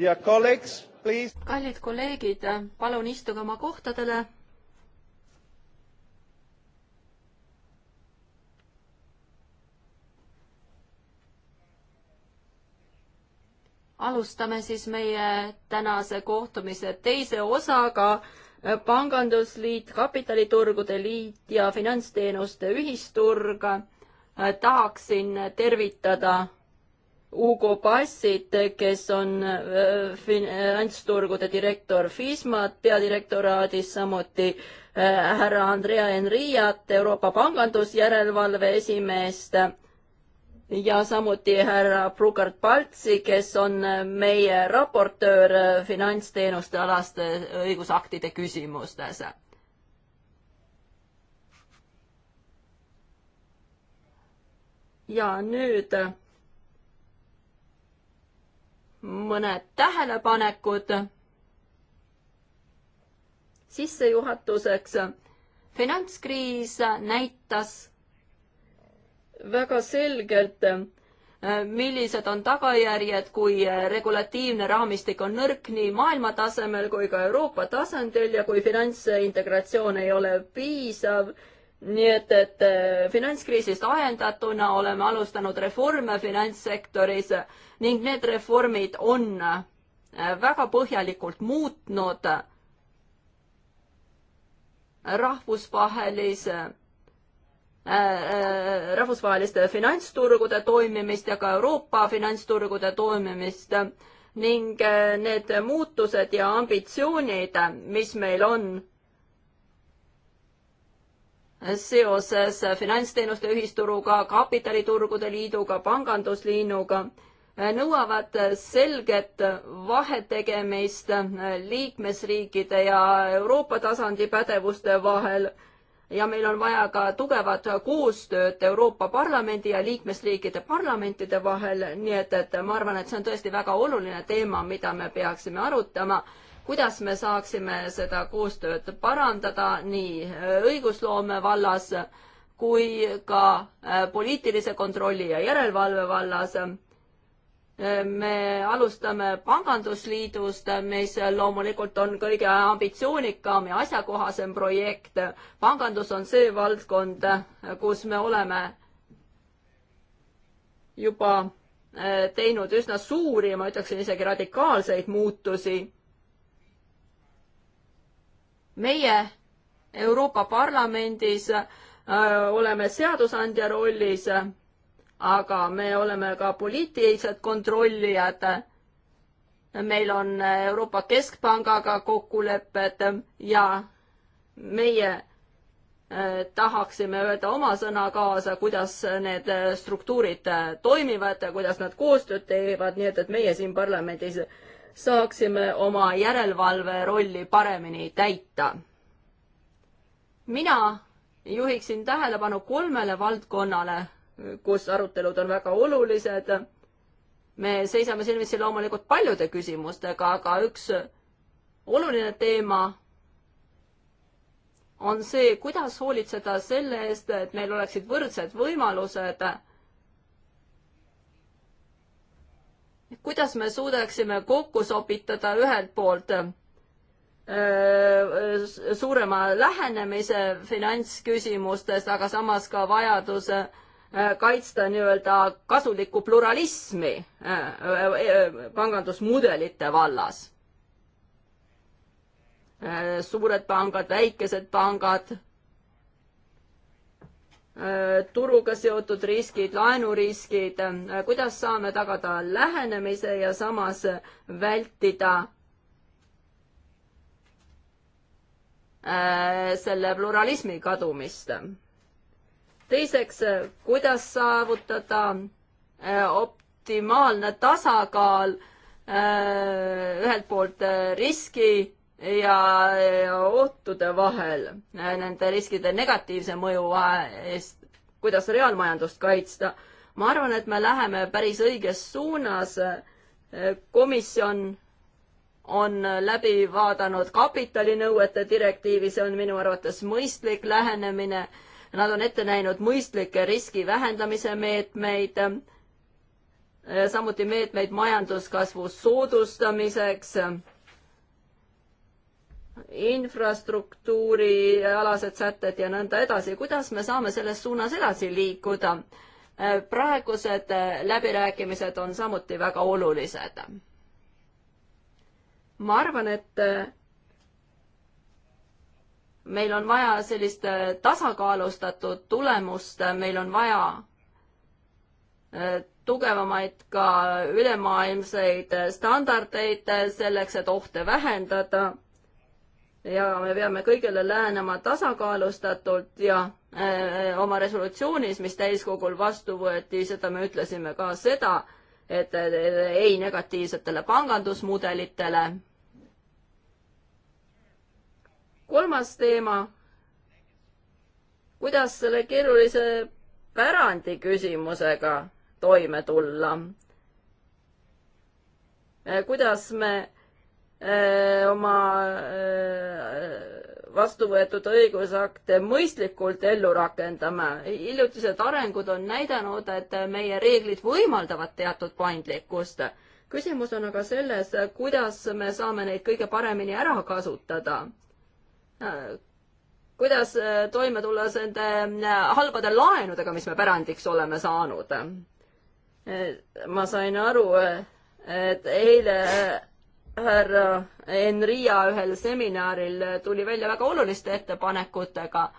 kallid kolleegid, palun istuge oma kohtadele. alustame siis meie tänase kohtumise teise osaga, pangandusliit, kapitaliturgude liit ja finantsteenuste ühisturg. tahaksin tervitada Ugo Passit, kes on äh, äh, finantsturgude direktor FISMA peadirektoraadis, samuti äh, härra Andrea Enriat, Euroopa pangandusjärelevalve esimeest ja samuti härra Brugard Paltsi, kes on meie raportöör finantsteenuste alaste õigusaktide küsimustes. ja nüüd mõned tähelepanekud sissejuhatuseks. finantskriis näitas väga selgelt, millised on tagajärjed, kui regulatiivne raamistik on nõrk nii maailma tasemel kui ka Euroopa tasandil ja kui finantsintegratsioon ei ole piisav nii et, et eh, finantskriisist ajendatuna oleme alustanud reforme finantssektoris ning need reformid on eh, väga põhjalikult muutnud rahvusvahelise äh,, rahvusvaheliste finantsturgude toimimist ja ka Euroopa finantsturgude toimimist ning need muutused ja ambitsioonid, mis meil on seoses finantsteenuste ühisturuga, kapitaliturgude liiduga, pangandusliiduga, eh, nõuavad selget vahetegemist eh, liikmesriikide ja Euroopa tasandi pädevuste vahel ja meil on vaja ka tugevat koostööd Euroopa Parlamendi ja liikmesriikide parlamentide vahel, nii et, et ma arvan, et see on tõesti väga oluline teema, mida me peaksime arutama kuidas me saaksime seda koostööd parandada nii äh, õigusloome vallas kui ka äh, poliitilise kontrolli ja järelevalve vallas. Äh, me alustame Pangandusliidust, mis loomulikult on kõige ambitsioonikam ja asjakohasem projekt. pangandus on see valdkond, kus me oleme juba teinud üsna suuri, ma ütleksin isegi radikaalseid muutusi meie Euroopa Parlamendis äh, oleme seadusandja rollis, aga me oleme ka poliitilised kontrollijad. meil on Euroopa Keskpangaga kokkulepped ja meie äh, tahaksime öelda oma sõna kaasa, kuidas need äh, struktuurid toimivad ja kuidas nad koostööd teevad, nii et, et meie siin parlamendis saaksime oma järelevalve rolli paremini täita. mina juhiksin tähelepanu kolmele valdkonnale, kus arutelud on väga olulised. me seisame silmitsi loomulikult paljude küsimustega, aga üks oluline teema on see, kuidas hoolitseda selle eest, et meil oleksid võrdsed võimalused kuidas me suudaksime kokku sobitada ühelt poolt äh, äh, suurema lähenemise finantsküsimustes, aga samas ka vajaduse äh, kaitsta nii-öelda kasulikku pluralismi pangandusmudelite vallas. suured pangad, väikesed pangad Äh, turuga seotud riskid, laenuriskid, äh, kuidas saame tagada lähenemise ja samas vältida äh, selle pluralismi kadumist. teiseks, kuidas saavutada optimaalne tasakaal ühelt poolt riski ja ootude vahel äh, nende riskide negatiivse mõju äh, eest, kuidas reaalmajandust kaitsta. ma arvan, et me läheme päris õiges suunas. Äh, komisjon on läbi vaadanud kapitalinõuete direktiivi, see on minu arvates mõistlik lähenemine. Nad on ette näinud mõistlikke riski vähendamise meetmeid, samuti meetmeid majanduskasvu soodustamiseks infrastruktuurialased sätted ja nõnda edasi, kuidas me saame selles suunas edasi liikuda? Äh, praegused äh, läbirääkimised on samuti väga olulised. ma arvan, et äh, meil on vaja sellist tasakaalustatud tulemust, meil on vaja tugevamaid ka ülemaailmseid standardeid selleks, et ohte vähendada ja me peame kõigele lähenema tasakaalustatult ja öö, äh, oma resolutsioonis, mis täiskogul vastu võeti, seda me ütlesime ka seda, et ei negatiivsetele pangandusmudelitele. kolmas teema, kuidas selle keerulise pärandi küsimusega toime tulla? Äh, kuidas me Äh, oma äh, vastu võetud õigusakte mõistlikult ellu rakendame. hiljutised arengud on näidanud, et meie reeglid võimaldavad teatud paindlikkust. küsimus on aga selles, kuidas me saame neid kõige paremini ära kasutada. Äh, kuidas toime tulla nende halbade laenudega, mis me pärandiks oleme saanud? ma sain aru, et eile härra Enria ühel seminaril tuli välja väga oluliste ettepanekutega.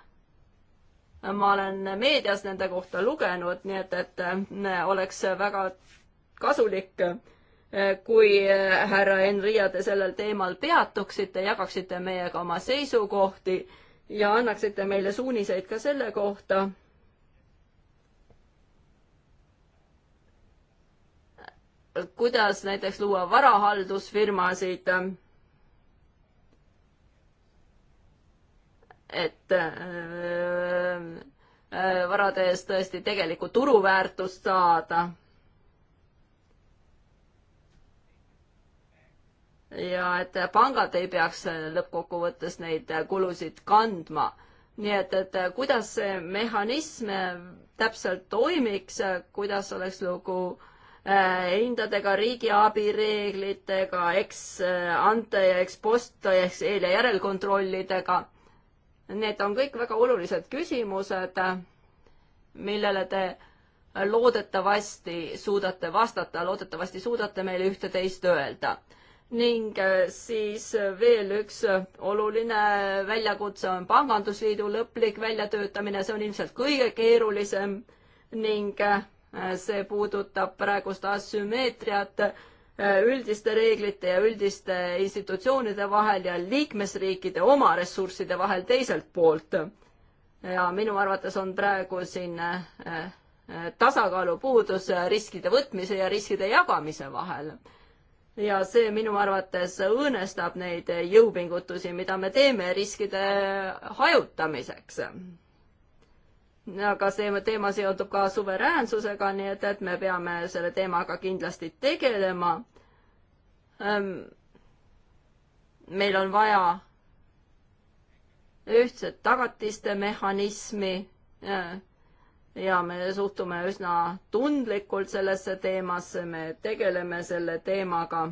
ma olen meedias nende kohta lugenud, nii et, et oleks väga kasulik, kui härra Enria, te sellel teemal peatuksite, jagaksite meiega oma seisukohti ja annaksite meile suuniseid ka selle kohta kuidas näiteks luua varahaldusfirmasid, et äh, äh, varade eest tõesti tegelikku turuväärtust saada. ja et pangad ei peaks lõppkokkuvõttes neid kulusid kandma. nii et, et kuidas see mehhanism täpselt toimiks, kuidas oleks lugu äh, Äh, hindadega, riigiabi reeglitega, eks äh, ante ja eks post ehk eel- ja järelkontrollidega. Need on kõik väga olulised küsimused, millele te loodetavasti suudate vastata, loodetavasti suudate meile ühte-teist öelda. ning äh, siis veel üks oluline väljakutse on pangandusliidu lõplik väljatöötamine, see on ilmselt kõige keerulisem ning see puudutab praegust asümmeetriat äh, üldiste reeglite ja üldiste institutsioonide vahel ja liikmesriikide oma ressursside vahel teiselt poolt. ja minu arvates on praegu siin äh, äh, tasakaalu puudus riskide võtmise ja riskide jagamise vahel. ja see minu arvates õõnestab neid jõupingutusi, mida me teeme riskide hajutamiseks aga see teema seondub ka suveräänsusega, nii et, et me peame selle teemaga kindlasti tegelema. Ehm, meil on vaja ühtset tagatiste mehhanismi eh, ja me suhtume üsna tundlikult sellesse teemasse, me tegeleme selle teemaga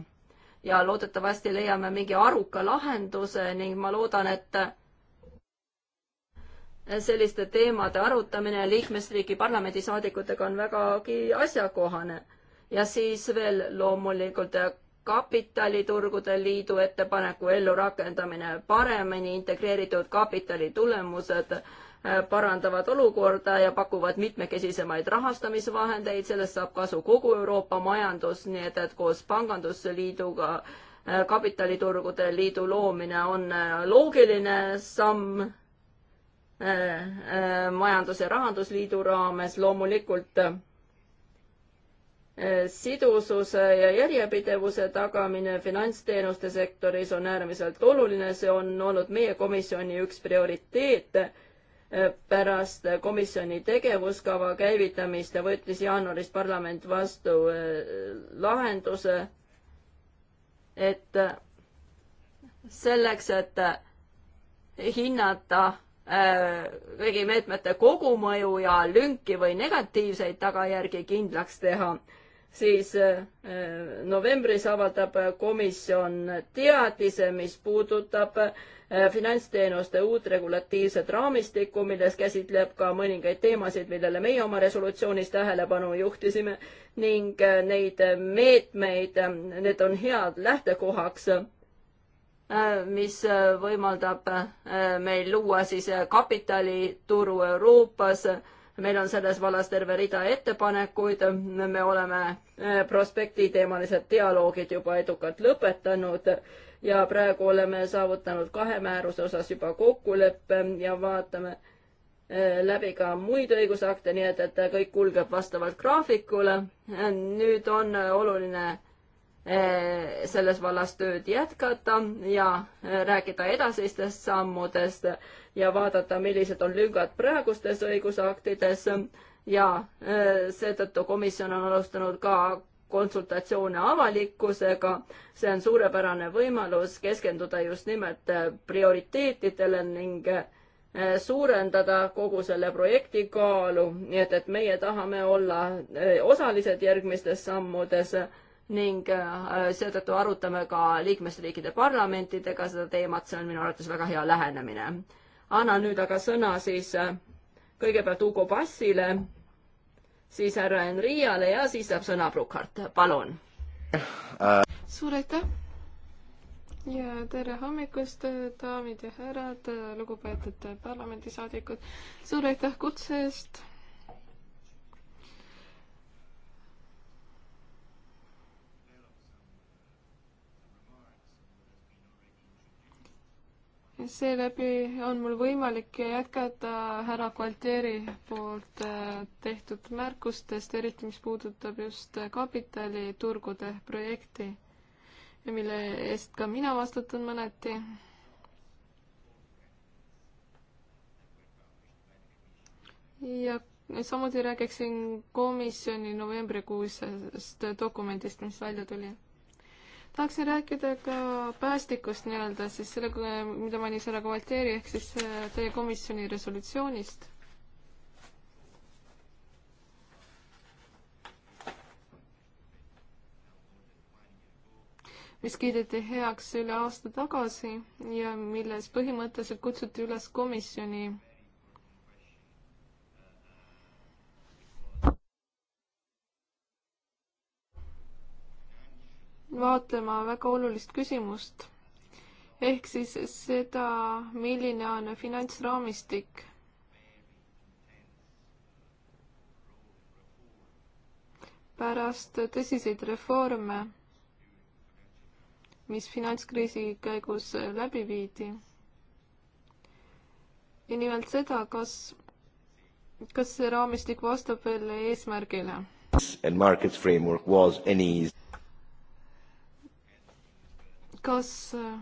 ja loodetavasti leiame mingi aruka lahenduse ning ma loodan, et selliste teemade arutamine liikmesriigi parlamendisaadikutega on vägagi asjakohane. ja siis veel loomulikult kapitaliturgude liidu ettepaneku ellurakendamine, paremini integreeritud kapitali tulemused äh, parandavad olukorda ja pakuvad mitmekesisemaid rahastamisvahendeid, sellest saab kasu kogu Euroopa majandus, nii et, et koos Pangandusliiduga äh, kapitaliturgude liidu loomine on äh, loogiline samm Äh, majandus- ja rahandusliidu raames loomulikult äh, sidususe ja järjepidevuse tagamine finantsteenuste sektoris on äärmiselt oluline, see on olnud meie komisjoni üks prioriteete. Äh, pärast komisjoni tegevuskava käivitamist võttis jaanuaris parlament vastu lahenduse, et selleks, et hinnata kõigi äh, meetmete kogumõju ja lünki või negatiivseid tagajärgi kindlaks teha, siis äh, novembris avaldab komisjon teadise, mis puudutab äh, finantsteenuste uut regulatiivset raamistikku, milles käsitleb ka mõningaid teemasid, millele meie oma resolutsioonis tähelepanu juhtisime ning neid meetmeid, need on head lähtekohaks mis võimaldab äh, meil luua siis äh, kapitalituru Euroopas. meil on selles vallas terve rida ettepanekuid, me oleme äh, prospekti teemalised dialoogid juba edukalt lõpetanud ja praegu oleme saavutanud kahe määruse osas juba kokkuleppe ja vaatame läbi ka muid õigusakte, nii et, et kõik kulgeb vastavalt graafikule. nüüd on oluline Eh, selles vallas tööd jätkata ja eh, rääkida edasistest sammudest ja vaadata, millised on lüngad praegustes õigusaktides ja eh, seetõttu komisjon on alustanud ka konsultatsioone avalikkusega. see on suurepärane võimalus keskenduda just nimelt prioriteetidele ning suurendada kogu selle projekti kaalu, nii et, et meie tahame olla osalised järgmistes sammudes ning äh, seetõttu arutame ka liikmesriikide parlamentidega seda teemat, see on minu arvates väga hea lähenemine. annan nüüd aga sõna siis äh, kõigepealt Ugo Bassile, siis härra Henriale ja siis saab sõna Brukart, palun. suur aitäh ja tere hommikust, daamid ja härrad, lugupeetud parlamendisaadikud. suur aitäh kutse eest seeläbi on mul võimalik jätkata härra Gualtieri poolt äh, tehtud märkustest, eriti mis puudutab just kapitaliturgude projekti, mille eest ka mina vastutan mõneti. ja samuti räägiksin komisjoni novembrikuisest dokumendist, mis välja tuli tahaksin rääkida ka päästikust nii-öelda, siis sellega, mida mainis härra Kovalteeri, ehk siis äh, teie komisjoni resolutsioonist. mis kiideti heaks üle aasta tagasi ja milles põhimõtteliselt kutsuti üles komisjoni vaatlema väga olulist küsimust ehk siis seda, milline on finantsraamistik. pärast tõsiseid reforme, mis finantskriisi käigus läbi viidi. ja nimelt seda, kas, kas see raamistik vastab veel eesmärgile. And markets framework was any kas äh,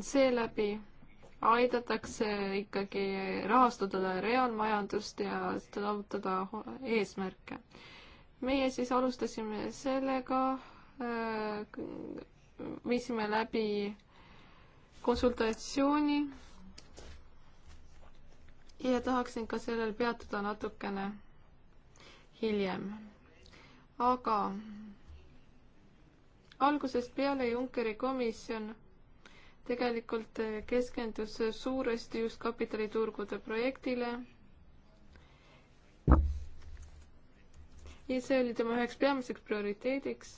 seeläbi aidatakse ikkagi rahastada reaalmajandust ja saavutada eesmärke. meie siis alustasime sellega, äh, viisime läbi konsultatsiooni ja tahaksin ka sellel peatuda natukene hiljem. aga algusest peale Junckeri komisjon tegelikult keskendus suuresti just kapitaliturgude projektile. ja see oli tema üheks peamiseks prioriteediks.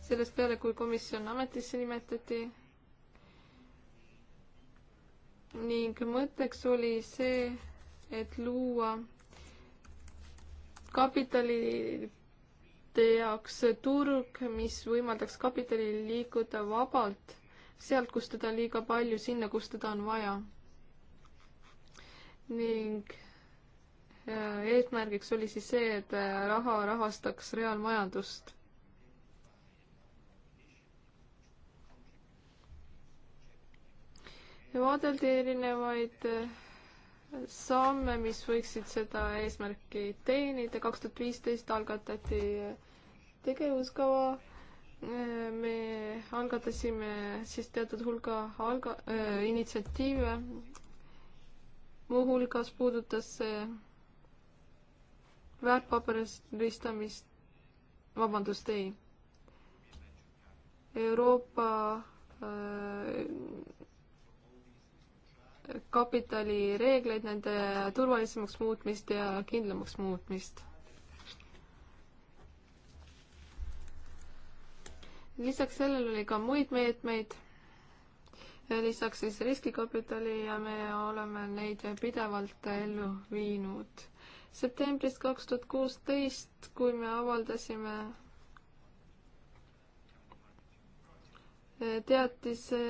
sellest peale, kui komisjon ametisse nimetati. ning mõtteks oli see, et luua kapitali ettevõtete jaoks turg, mis võimaldaks kapitalil liikuda vabalt sealt, kus teda on liiga palju, sinna, kus teda on vaja. ning äh, eesmärgiks oli siis see, et äh, raha rahastaks reaalmajandust ja vaadeldi erinevaid äh, samme, mis võiksid seda eesmärki teenida. kaks tuhat viisteist algatati tegevuskava. me algatasime siis teatud hulga alga- äh,, initsiatiive. muuhulgas puudutas see väärtpaberistamist, vabandust, ei. Euroopa äh, kapitalireegleid, nende turvalisemaks muutmist ja kindlamaks muutmist. lisaks sellele oli ka muid meetmeid, lisaks siis riskikapitali ja me oleme neid pidevalt ellu viinud. septembrist kaks tuhat kuusteist, kui me avaldasime teatise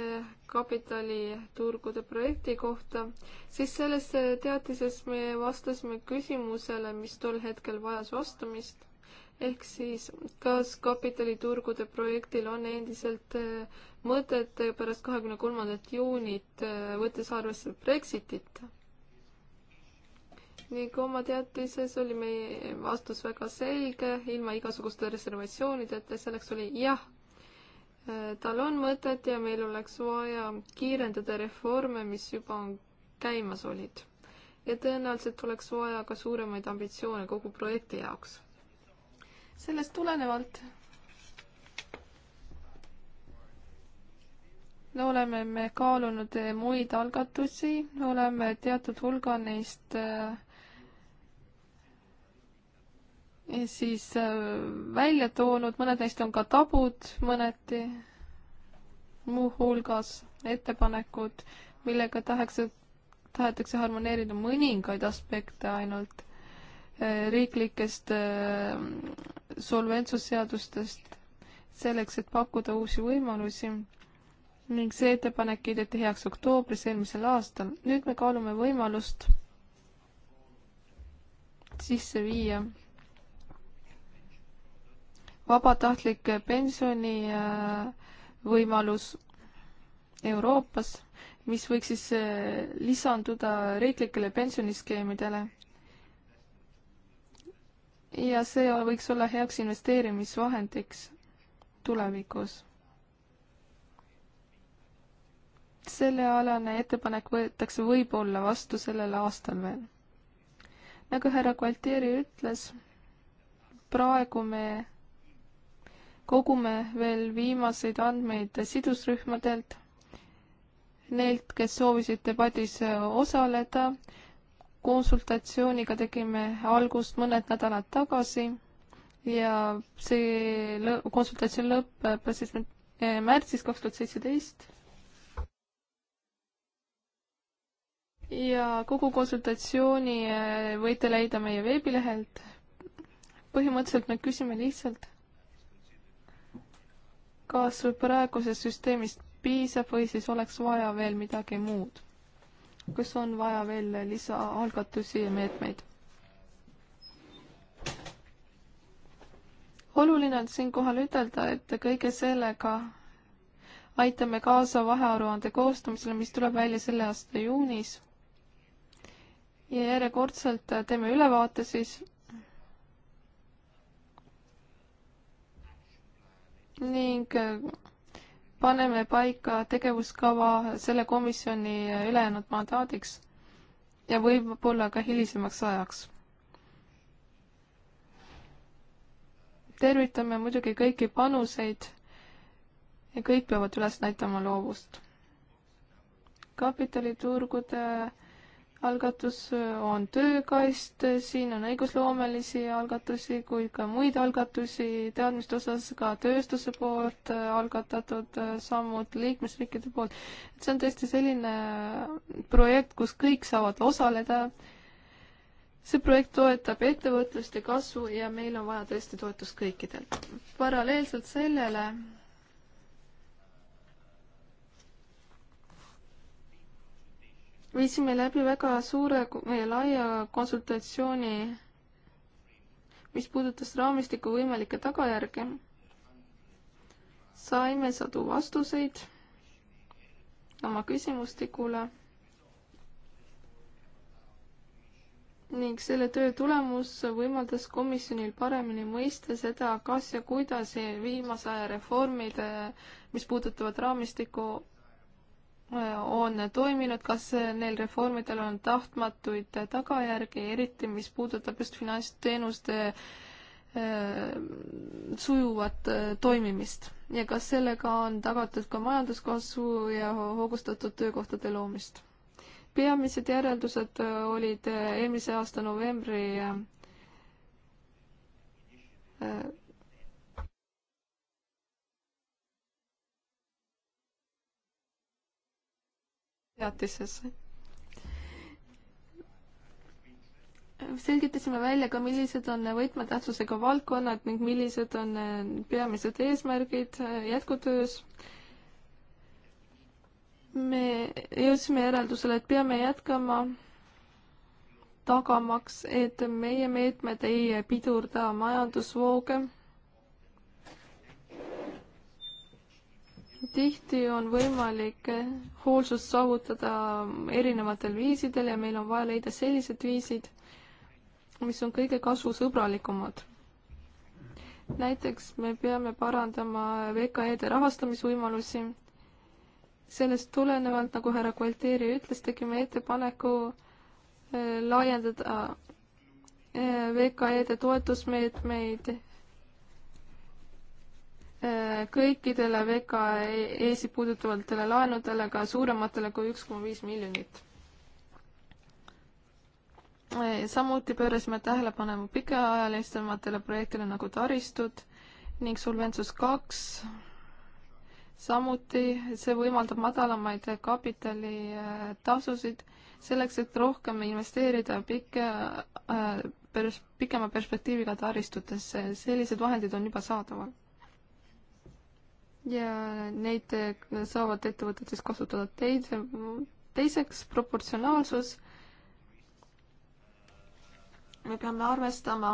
kapitaliturgude projekti kohta, siis selles teatises me vastasime küsimusele, mis tol hetkel vajas vastamist, ehk siis kas kapitaliturgude projektil on endiselt eh, mõtet pärast kahekümne kolmandat juunit, eh, võttes arvesse Brexitit? ning oma teatises oli meie vastus väga selge, ilma igasuguste reservatsioonideta, selleks oli jah tal on mõtet ja meil oleks vaja kiirendada reforme, mis juba on käimas olid. ja tõenäoliselt oleks vaja ka suuremaid ambitsioone kogu projekti jaoks. sellest tulenevalt no oleme me kaalunud muid algatusi, oleme teatud hulga neist äh, siis äh, välja toonud, mõned neist on ka tabud mõneti, muuhulgas ettepanekud, millega tahakse, tahetakse harmoneerida mõningaid aspekte ainult äh, riiklikest äh, solventsusseadustest selleks, et pakkuda uusi võimalusi ning see ettepanek kiideti heaks oktoobris eelmisel aastal. nüüd me kaalume võimalust sisse viia vabatahtlik pensioni äh, võimalus Euroopas, mis võiks siis äh, lisanduda riiklikele pensioniskeemidele. ja see võiks olla heaks investeerimisvahendiks tulevikus. sellealane ettepanek võetakse võib-olla vastu sellel aastal veel. nagu härra Gualtieri ütles, praegu me kogume veel viimaseid andmeid sidusrühmadelt, neilt, kes soovisid debatis äh, osaleda. konsultatsiooniga tegime algust mõned nädalad tagasi ja see lõ konsultatsioon lõpeb siis äh, märtsis kaks tuhat seitseteist. ja kogu konsultatsiooni äh, võite leida meie veebilehelt. põhimõtteliselt me küsime lihtsalt kas praegusest süsteemist piisab või siis oleks vaja veel midagi muud? kas on vaja veel lisaalgatusi ja meetmeid? oluline on siinkohal ütelda, et kõige sellega aitame kaasa vahearuande koostamisele, mis tuleb välja selle aasta juunis. ja järjekordselt teeme ülevaate siis ning äh, paneme paika tegevuskava selle komisjoni ülejäänud mandaadiks ja võib-olla ka hilisemaks ajaks. tervitame muidugi kõiki panuseid ja kõik peavad üles näitama loovust. kapitaliturgude algatus äh, on töökast, siin on õigusloomelisi algatusi kui ka muid algatusi teadmiste osas ka tööstuse poolt äh, algatatud, äh, sammud liikmesriikide poolt. et see on tõesti selline projekt, kus kõik saavad osaleda. see projekt toetab ettevõtlust ja kasvu ja meil on vaja tõesti toetust kõikidelt. paralleelselt sellele viisime läbi väga suure ja laia konsultatsiooni, mis puudutas raamistiku võimalikke tagajärgi. saime sadu vastuseid oma küsimustikule ning selle töö tulemus võimaldas komisjonil paremini mõista seda, kas ja kuidas viimase aja reformid, mis puudutavad raamistikku, on toiminud, kas neil reformidel on tahtmatuid tagajärgi, eriti mis puudutab just finantsteenuste äh, sujuvat äh, toimimist ja kas sellega on tagatud ka majanduskasvu ja hoogustatud töökohtade loomist. peamised järeldused äh, olid eelmise aasta novembri teatises. selgitasime välja ka, millised on võtmetähtsusega valdkonnad ning millised on eh, peamised eesmärgid eh, jätkutöös me jõudsime järeldusele, et peame jätkama tagamaks, et meie meetmed ei pidurda majandusvooge tihti on võimalik hoolsust saavutada erinevatel viisidel ja meil on vaja leida sellised viisid, mis on kõige kasvusõbralikumad. näiteks me peame parandama VKE-de rahastamisvõimalusi. sellest tulenevalt, nagu härra Gualtieri ütles, tegime ettepaneku eh, laiendada eh, VKE-de toetusmeetmeid Äh, kõikidele VKE-si puudutavatele laenudele ka suurematele kui üks koma viis miljonit. Äh, samuti pöörasime tähelepanu pikaajalisematele projektile nagu taristud ning Solventsus kaks. samuti see võimaldab madalamaid kapitalitasusid äh, selleks, et rohkem investeerida pika pers-, pikema perspektiiviga taristutesse, sellised vahendid on juba saadaval ja neid äh, saavad ettevõtted siis kasutada teise, teiseks proportsionaalsus. me peame arvestama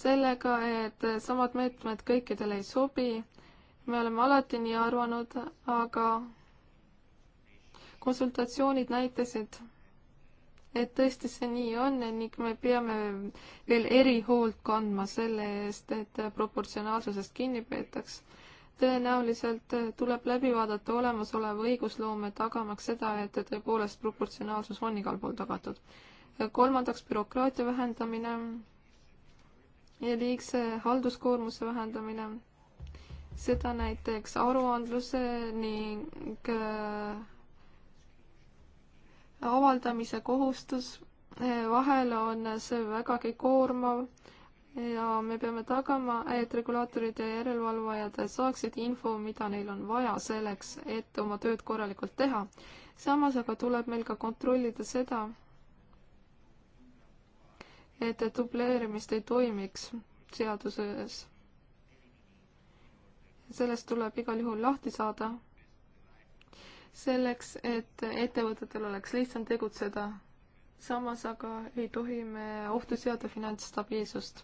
sellega, et samad meetmed kõikidele ei sobi. me oleme alati nii arvanud, aga konsultatsioonid näitasid et tõesti see nii on ning me peame veel erihoolt kandma selle eest, et proportsionaalsusest kinni peetaks. tõenäoliselt tuleb läbi vaadata olemasolev õigusloome, tagamaks seda, et tõepoolest proportsionaalsus on igal pool tagatud. kolmandaks, bürokraatia vähendamine ja liigse halduskoormuse vähendamine. seda näiteks aruandluse ning äh, avaldamise kohustus, eh, vahel on see vägagi koormav ja me peame tagama, et regulaatorid ja järelevalvajad saaksid info, mida neil on vaja selleks, et oma tööd korralikult teha. samas aga tuleb meil ka kontrollida seda, et dubleerimist ei toimiks seaduses. sellest tuleb igal juhul lahti saada selleks, et ettevõtetel oleks lihtsam tegutseda. samas aga ei tohi me ohtu seada finantsstabiilsust.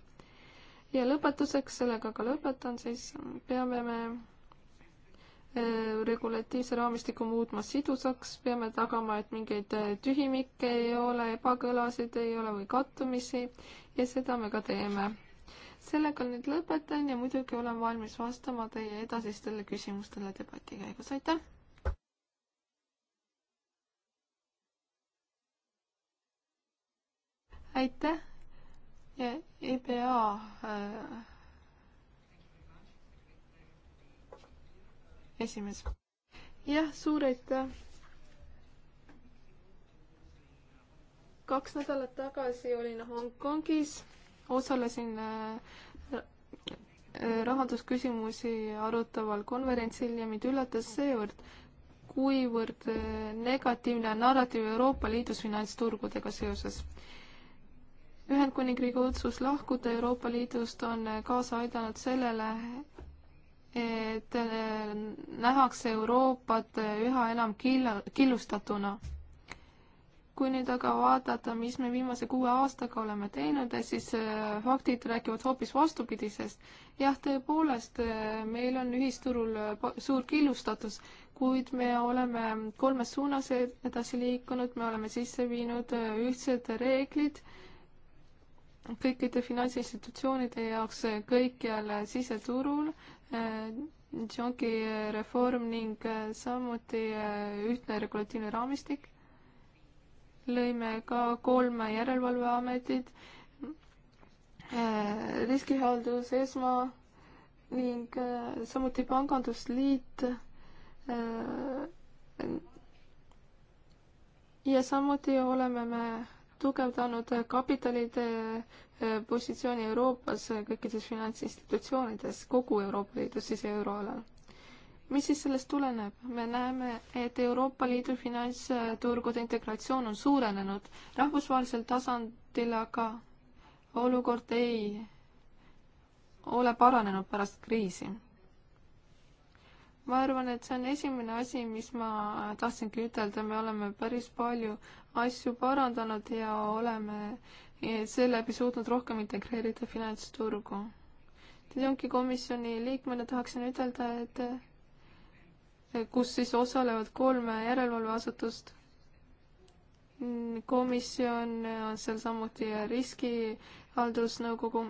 ja lõpetuseks, sellega ka lõpetan, siis peame me äh, regulatiivse raamistiku muutma sidusaks, peame tagama, et mingeid äh, tühimikke ei ole, ebakõlasid ei ole või kattumisi ja seda me ka teeme. sellega nüüd lõpetan ja muidugi olen valmis vastama teie edasistele küsimustele debati käigus, aitäh! aitäh, EBA e äh, esimees. jah, suur aitäh. kaks nädalat tagasi olin Hongkongis, osalesin äh, rahandusküsimusi arutaval konverentsil ja mind üllatas seevõrd, kuivõrd äh, negatiivne narratiiv Euroopa Liidus finantsturgudega seoses. Ühendkuningriigi otsus lahkuda Euroopa Liidust on kaasa aidanud sellele, et nähakse Euroopat üha enam killa, killustatuna. kui nüüd aga vaadata, mis me viimase kuue aastaga oleme teinud, siis äh, faktid räägivad hoopis vastupidisest. jah, tõepoolest, äh, meil on ühisturul äh, suur killustatus, kuid me oleme kolmes suunas edasi liikunud, me oleme sisse viinud ühtsed reeglid äh, kõikide finantsinstitutsioonide jaoks eh, kõikjal eh, siseturul Jonki eh, reform ning samuti ühtne regulatiivne raamistik. lõime ka kolm järelevalveametit, riskihaldus, ESMA ning samuti Pangandusliit ja samuti oleme me tugevdanud kapitalide eh, positsiooni Euroopas kõikides finantsinstitutsioonides kogu Euroopa Liidus, siis euroalal. mis siis sellest tuleneb? me näeme, et Euroopa Liidu finantsturgude integratsioon on suurenenud, rahvusvahelisel tasandil aga olukord ei ole paranenud pärast kriisi ma arvan, et see on esimene asi, mis ma tahtsingi ütelda, me oleme päris palju asju parandanud ja oleme seeläbi suutnud rohkem integreerida finantsturgu. Teionki komisjoni liikmena tahaksin ütelda, et kus siis osalevad kolm järelevalveasutust. komisjon on seal samuti riskihaldusnõukogu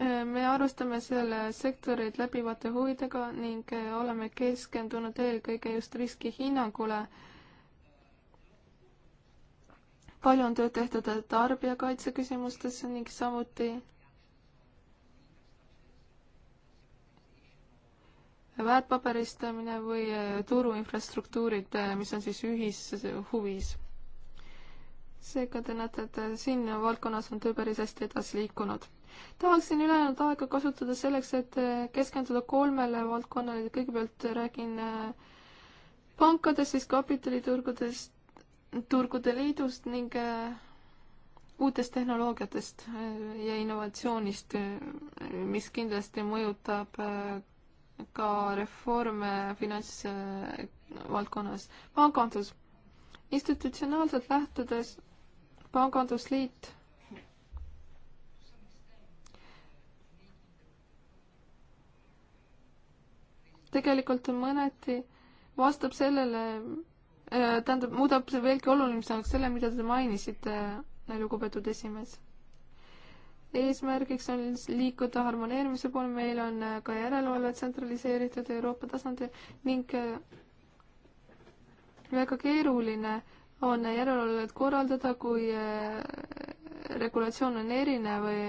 Äh, me arvestame selle sektorit läbivate huvidega ning äh, oleme keskendunud eelkõige just riskihinnangule. palju on tööd tehtud tarbijakaitse küsimustes ning samuti äh, väärtpaberistamine või turuinfrastruktuurid, mis on siis ühishuvis. seega te näete, et siin valdkonnas on töö päris hästi edasi liikunud tahaksin ülejäänud aega kasutada selleks, et äh, keskenduda kolmele valdkonnale, kõigepealt räägin äh, pankadest, siis kapitaliturgudest, turgude liidust ning äh, uutest tehnoloogiatest ja innovatsioonist, mis kindlasti mõjutab ka reforme finantsvaldkonnas. pangandus, institutsionaalselt lähtudes pangandusliit tegelikult mõneti vastab sellele, äh, tähendab, muudab see veelgi olulisemaks selle, mida te mainisite, äh, lugupeetud esimees. eesmärgiks on liikuda harmoneerimise poole, meil on äh, ka järelevalve tsentraliseeritud Euroopa tasandil ning väga keeruline on järelevalvet korraldada, kui regulatsioon on erinev või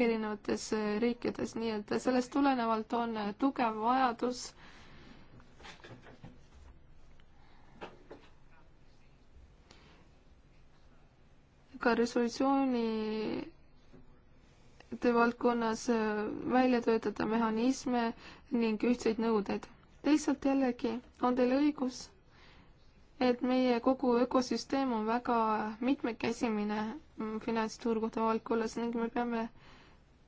erinevates äh, riikides, nii et sellest tulenevalt on äh, tugev vajadus ka resolutsiooni valdkonnas äh, välja töötada mehhanisme ning ühtseid nõudeid. teisalt jällegi on teil õigus, et meie kogu ökosüsteem on väga mitmekäsimine mm, finantsturgude valdkonnas ning me peame äh,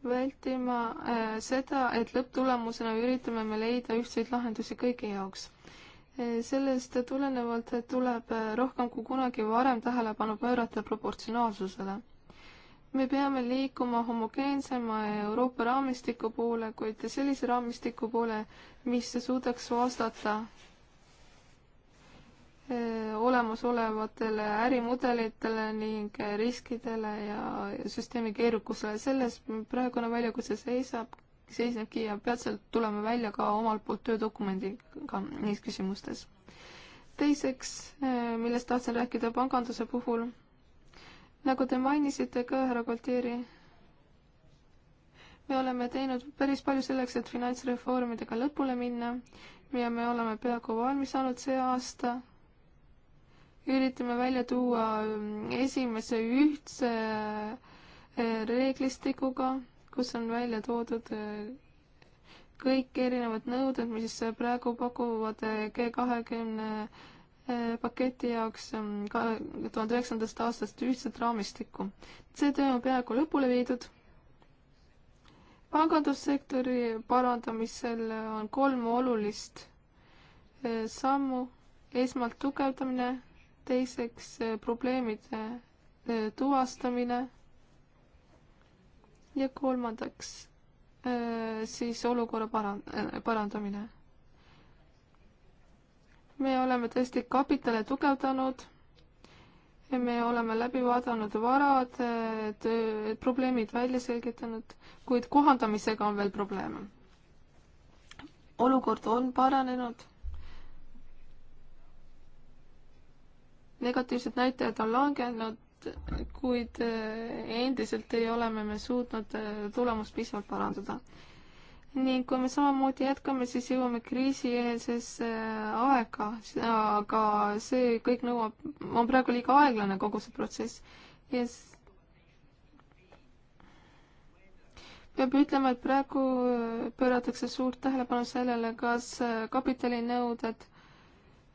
vältima äh, seda, et lõpptulemusena üritame me leida ühtseid lahendusi kõigi jaoks. Äh, sellest tulenevalt tuleb äh, rohkem kui kunagi varem tähelepanu pöörata proportsionaalsusele. me peame liikuma homogeensema Euroopa raamistiku poole, kuid sellise raamistiku poole, mis suudaks vastata Äh, olemasolevatele ärimudelitele ning riskidele ja süsteemi keerukusele. selles praegune väljakutse seisab, seisnebki ja peatselt tuleme välja ka omalt poolt töödokumendiga neis küsimustes. teiseks, äh, millest tahtsin rääkida panganduse puhul, nagu te mainisite ka, härra Galtieri, me oleme teinud päris palju selleks, et finantsreformidega lõpule minna ja me oleme peaaegu valmis saanud see aasta üritame välja tuua ähm, esimese ühtse äh, reeglistikuga, kus on välja toodud äh, kõik erinevad nõuded, mis äh, praegu pakuvad G kahekümne paketi jaoks ähm, tuhande üheksandast aastast ühtset raamistikku. see töö on peaaegu lõpule viidud. pangandussektori parandamisel on kolm olulist sammu. esmalt tugevdamine teiseks eh, probleemide eh, tuvastamine ja kolmandaks eh, siis olukorra parand-, parandamine. me oleme tõesti kapitale tugevdanud ja me oleme läbi vaadanud varad, töö, probleemid välja selgitanud, kuid kohandamisega on veel probleeme. olukord on paranenud negatiivsed näitajad on langenud, kuid eh, endiselt ei ole me suutnud eh, tulemust piisavalt parandada. ning kui me samamoodi jätkame, siis jõuame kriisieelsesse eh, aega, aga see kõik nõuab, on praegu liiga aeglane, kogu see protsess ja yes. peab ütlema, et praegu pööratakse suurt tähelepanu sellele, kas kapitalinõuded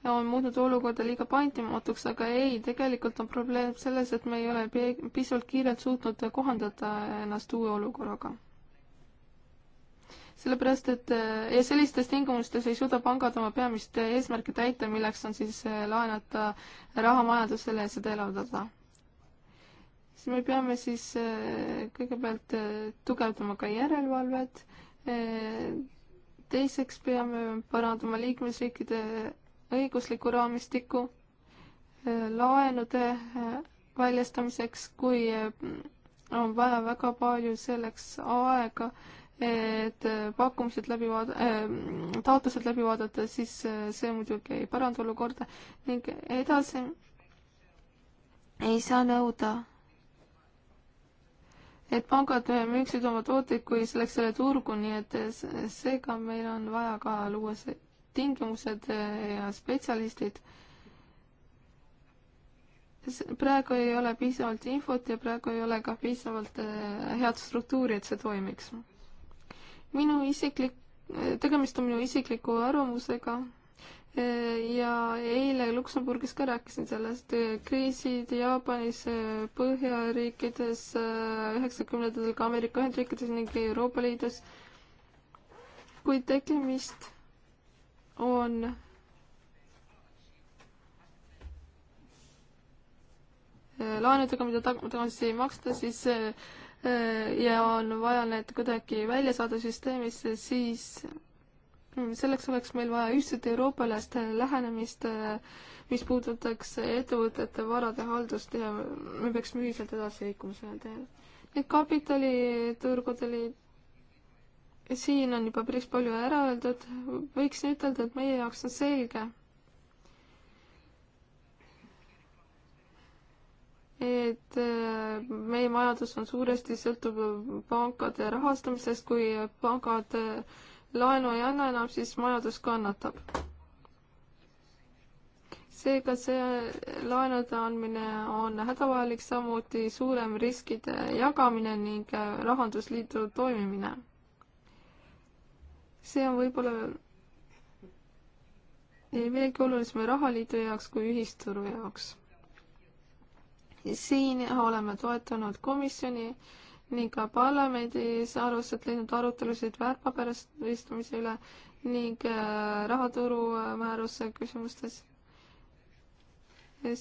on muutnud olukorda liiga paindimatuks, aga ei, tegelikult on probleem selles, et me ei ole piisavalt kiirelt suutnud kohandada ennast uue olukorraga. sellepärast, et ja sellistes tingimustes ei suuda pangad oma peamist eesmärki täita, milleks on siis eh, laenata raha majandusele ja seda elavdada. siis me peame siis eh, kõigepealt eh, tugevdama ka järelevalvet, teiseks peame parandama liikmesriikide õiguslikku raamistikku äh, laenude äh, väljastamiseks, kui äh, on vaja väga palju selleks aega, et pakkumised läbi vaada- äh,, taotlused läbi vaadata, siis see muidugi ei paranda olukorda ning edasi ei saa nõuda, et pangad müüksid oma tooteid, kui selleks ei ole turgu, nii et seega meil on vaja ka luua see tingimused äh, ja spetsialistid. praegu ei ole piisavalt infot ja praegu ei ole ka piisavalt äh, head struktuuri, et see toimiks. minu isiklik, tegemist on minu isikliku arvamusega äh, ja eile Luksemburgis ka rääkisin sellest, kriisid Jaapanis, Põhjariikides, üheksakümnendatel ka Ameerika Ühendriikides ning Euroopa Liidus, kuid tegemist on laenudega, mida tagasi ei maksta, siis äh, ja on vaja need kuidagi välja saada süsteemist, siis selleks oleks meil vaja ühtset euroopalast lähenemist, äh, mis puudutaks ettevõtete varade haldust ja me peaksime ühiselt edasi liikuma sellel teel. et kapitaliturgude liit siin on juba päris palju ära öeldud, võiks ütelda, et meie jaoks on selge, et äh, meie majandus on suuresti sõltub pankade rahastamisest, kui pangad äh, laenu ei anna enam, siis majandus kannatab. seega see laenude andmine on hädavajalik, samuti suurem riskide jagamine ning äh, Rahandusliidu toimimine see on võib-olla veelgi olulisem rahaliidu jaoks kui ühisturu jaoks. siin oleme toetanud komisjoni ning ka parlamendis arvestad leidnud arutelusid väärtpaberistumise üle ning äh, rahaturu äh, määruse küsimustes.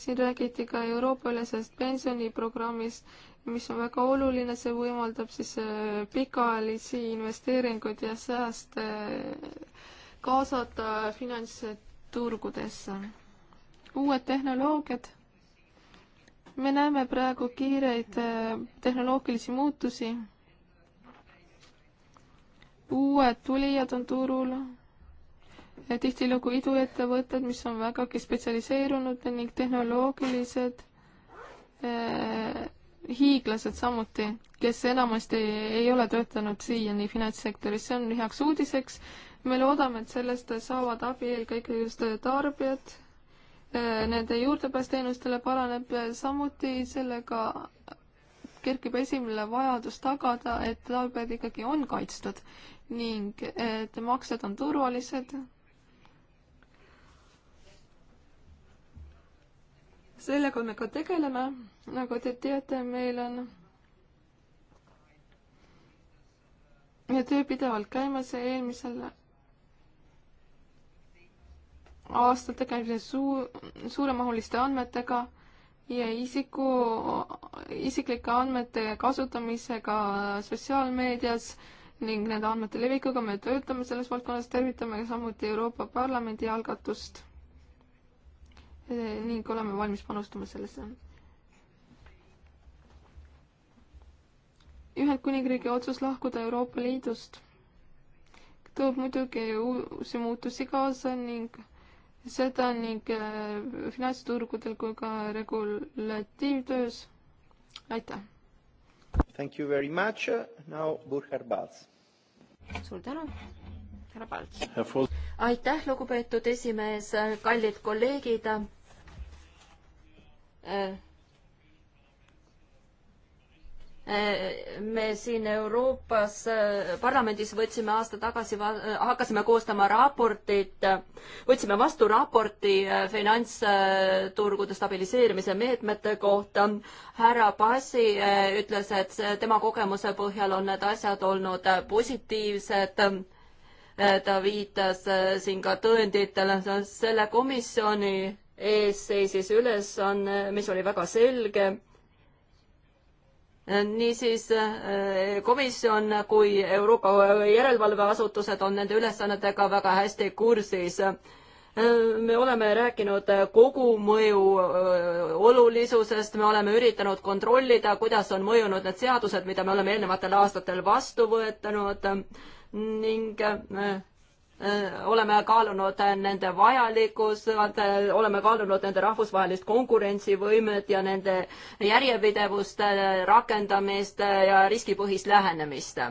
siin räägiti ka Euroopa-ülesest pensioniprogrammist mis on väga oluline, see võimaldab siis äh, pikaajalisi investeeringuid ja sääste äh, kaasata finantsturgudesse. uued tehnoloogiad. me näeme praegu kiireid äh, tehnoloogilisi muutusi. uued tulijad on turul tihtilugu iduettevõtted, mis on vägagi spetsialiseerunud ning tehnoloogilised hiiglased samuti, kes enamasti ei ole töötanud siiani finantssektoris, see on heaks uudiseks. me loodame, et sellest saavad abi eelkõige just tarbijad, äh, nende juurdepääs teenustele paraneb, samuti sellega kerkib esimene vajadus tagada, et tarbijad ikkagi on kaitstud ning et maksed on turvalised sellega me ka tegeleme, nagu te teate, meil on töö pidevalt käimas ja eelmisel aastal tegelesime suu-, suuremahuliste andmetega ja isiku, isiklike andmete kasutamisega sotsiaalmeedias ning nende andmete levikuga me töötame selles valdkonnas, tervitame samuti Euroopa Parlamendi algatust ning oleme valmis panustama sellesse. Ühendkuningriigi otsus lahkuda Euroopa Liidust toob muidugi uusi muutusi kaasa ning seda ning äh, finantsturgudel kui ka regulatiivtöös. aitäh! Thank you very much, now Burkhard Balz. suur tänu! härra Palts. aitäh, lugupeetud esimees, kallid kolleegid. Äh, äh, me siin Euroopas äh, parlamendis võtsime aasta tagasi, hakkasime koostama raportit, võtsime vastu raporti finantsturgude stabiliseerimise meetmete kohta. härra Pasi ütles, et tema kogemuse põhjal on need asjad olnud positiivsed Äh, ta viitas äh, siin ka tõenditele, selle komisjoni ees seisis ülesanne, mis oli väga selge. Äh, niisiis komisjon kui Euroopa järelevalveasutused on nende ülesannetega väga hästi kursis me oleme rääkinud kogumõju olulisusest, me oleme üritanud kontrollida, kuidas on mõjunud need seadused, mida me oleme eelnevatel aastatel vastu võetanud ning äh, äh, oleme kaalunud nende vajalikkust, äh, oleme kaalunud nende rahvusvahelist konkurentsivõimet ja nende järjepidevust, rakendamist ja riskipõhist lähenemist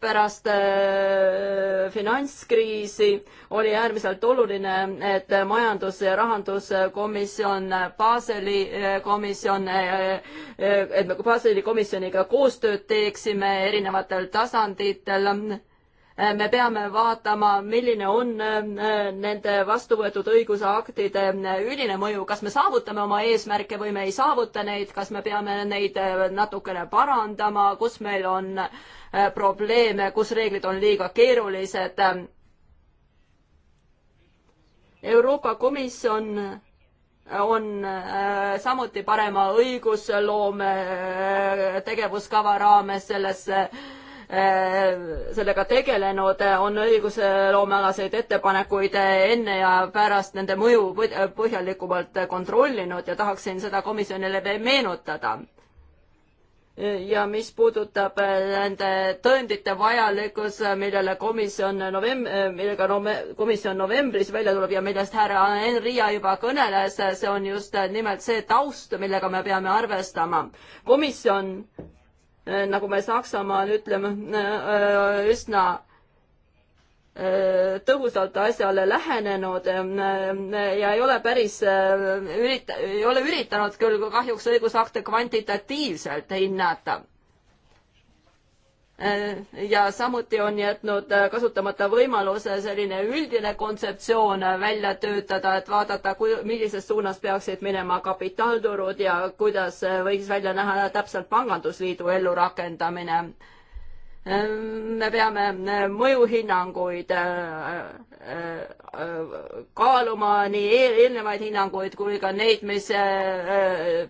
pärast äh, finantskriisi oli äärmiselt oluline, et majandus- ja rahanduskomisjon, Baseli äh, komisjon äh, äh,, et me Baseli komisjoniga koostööd teeksime erinevatel tasanditel äh, Äh, me peame vaatama, milline on äh, nende vastu võetud õigusaktide äh, üline mõju, kas me saavutame oma eesmärke või me ei saavuta neid, kas me peame neid natukene parandama, kus meil on probleeme, kus reeglid on liiga keerulised. Euroopa Komisjon on samuti parema õigusloome tegevuskava raames sellesse Äh, sellega tegelenud, on õigusloomealaseid ettepanekuid enne ja pärast nende mõju põhjalikumalt kontrollinud ja tahaksin seda komisjonile veel meenutada. ja mis puudutab äh, nende tõendite vajalikkust, millele komisjon novemb-, äh, millega nove-, komisjon novembris välja tuleb ja millest härra Henria juba kõneles, see on just nimelt see taust, millega me peame arvestama. komisjon Äh, nagu me Saksamaal ütleme, äh, üsna äh, tõhusalt asjale lähenenud ja ei ole päris ürita-, ei ole üritanud küll kahjuks õigusakte kvantitatiivselt hinnata Äh, ja samuti on jätnud äh, kasutamata võimaluse selline üldine kontseptsioon äh, välja töötada, et vaadata, kui, millises suunas peaksid minema kapitalturud ja kuidas võiks välja näha täpselt pangandusliidu ellurakendamine me peame äh, mõjuhinnanguid äh, äh, kaaluma nii e-, eelnevaid hinnanguid kui ka neid, mis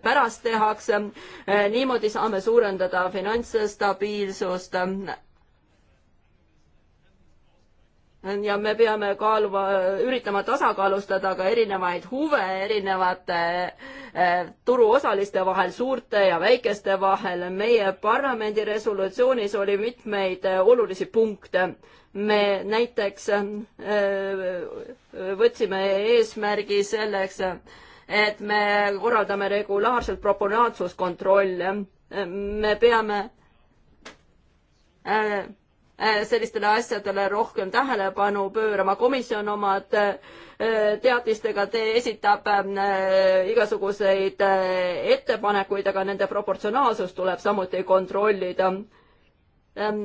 pärast tehakse. niimoodi saame suurendada finantsstabiilsust ja me peame kaaluma, üritama tasakaalustada ka erinevaid huve erinevate eh, turuosaliste vahel, suurte ja väikeste vahel. meie parlamendi resolutsioonis oli mitmeid eh, olulisi punkte. me näiteks eh, võtsime eesmärgi selleks, et me korraldame regulaarselt proportsionaalsuskontrolle. me peame eh, Äh, sellistele asjadele rohkem tähelepanu pöörama. komisjon omad äh, teadmistega te esitab ähm, äh, igasuguseid ettepanekuid, aga nende proportsionaalsust tuleb samuti kontrollida. Ähm,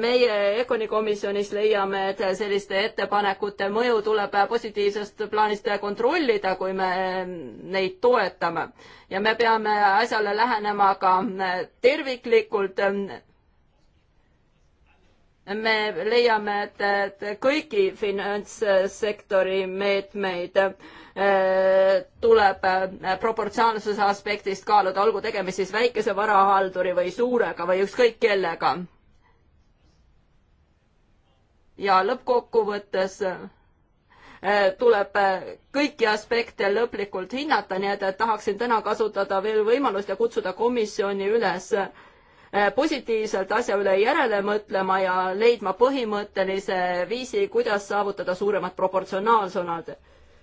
meie EKONi komisjonis leiame, et selliste ettepanekute mõju tuleb positiivsest plaanist kontrollida, kui me ähm, neid toetame. ja me peame asjale lähenema ka terviklikult me leiame, et, et kõiki finantssektori meetmeid äh, tuleb äh, proportsionaalsuse aspektist kaaluda, olgu tegemist siis väikese varahalduri või suurega või ükskõik kellega. ja lõppkokkuvõttes äh, tuleb kõiki aspekte lõplikult hinnata, nii et tahaksin täna kasutada veel võimalust ja kutsuda komisjoni üles äh, Äh, positiivselt asja üle järele mõtlema ja leidma põhimõttelise viisi, kuidas saavutada suuremat proportsionaalsõnad.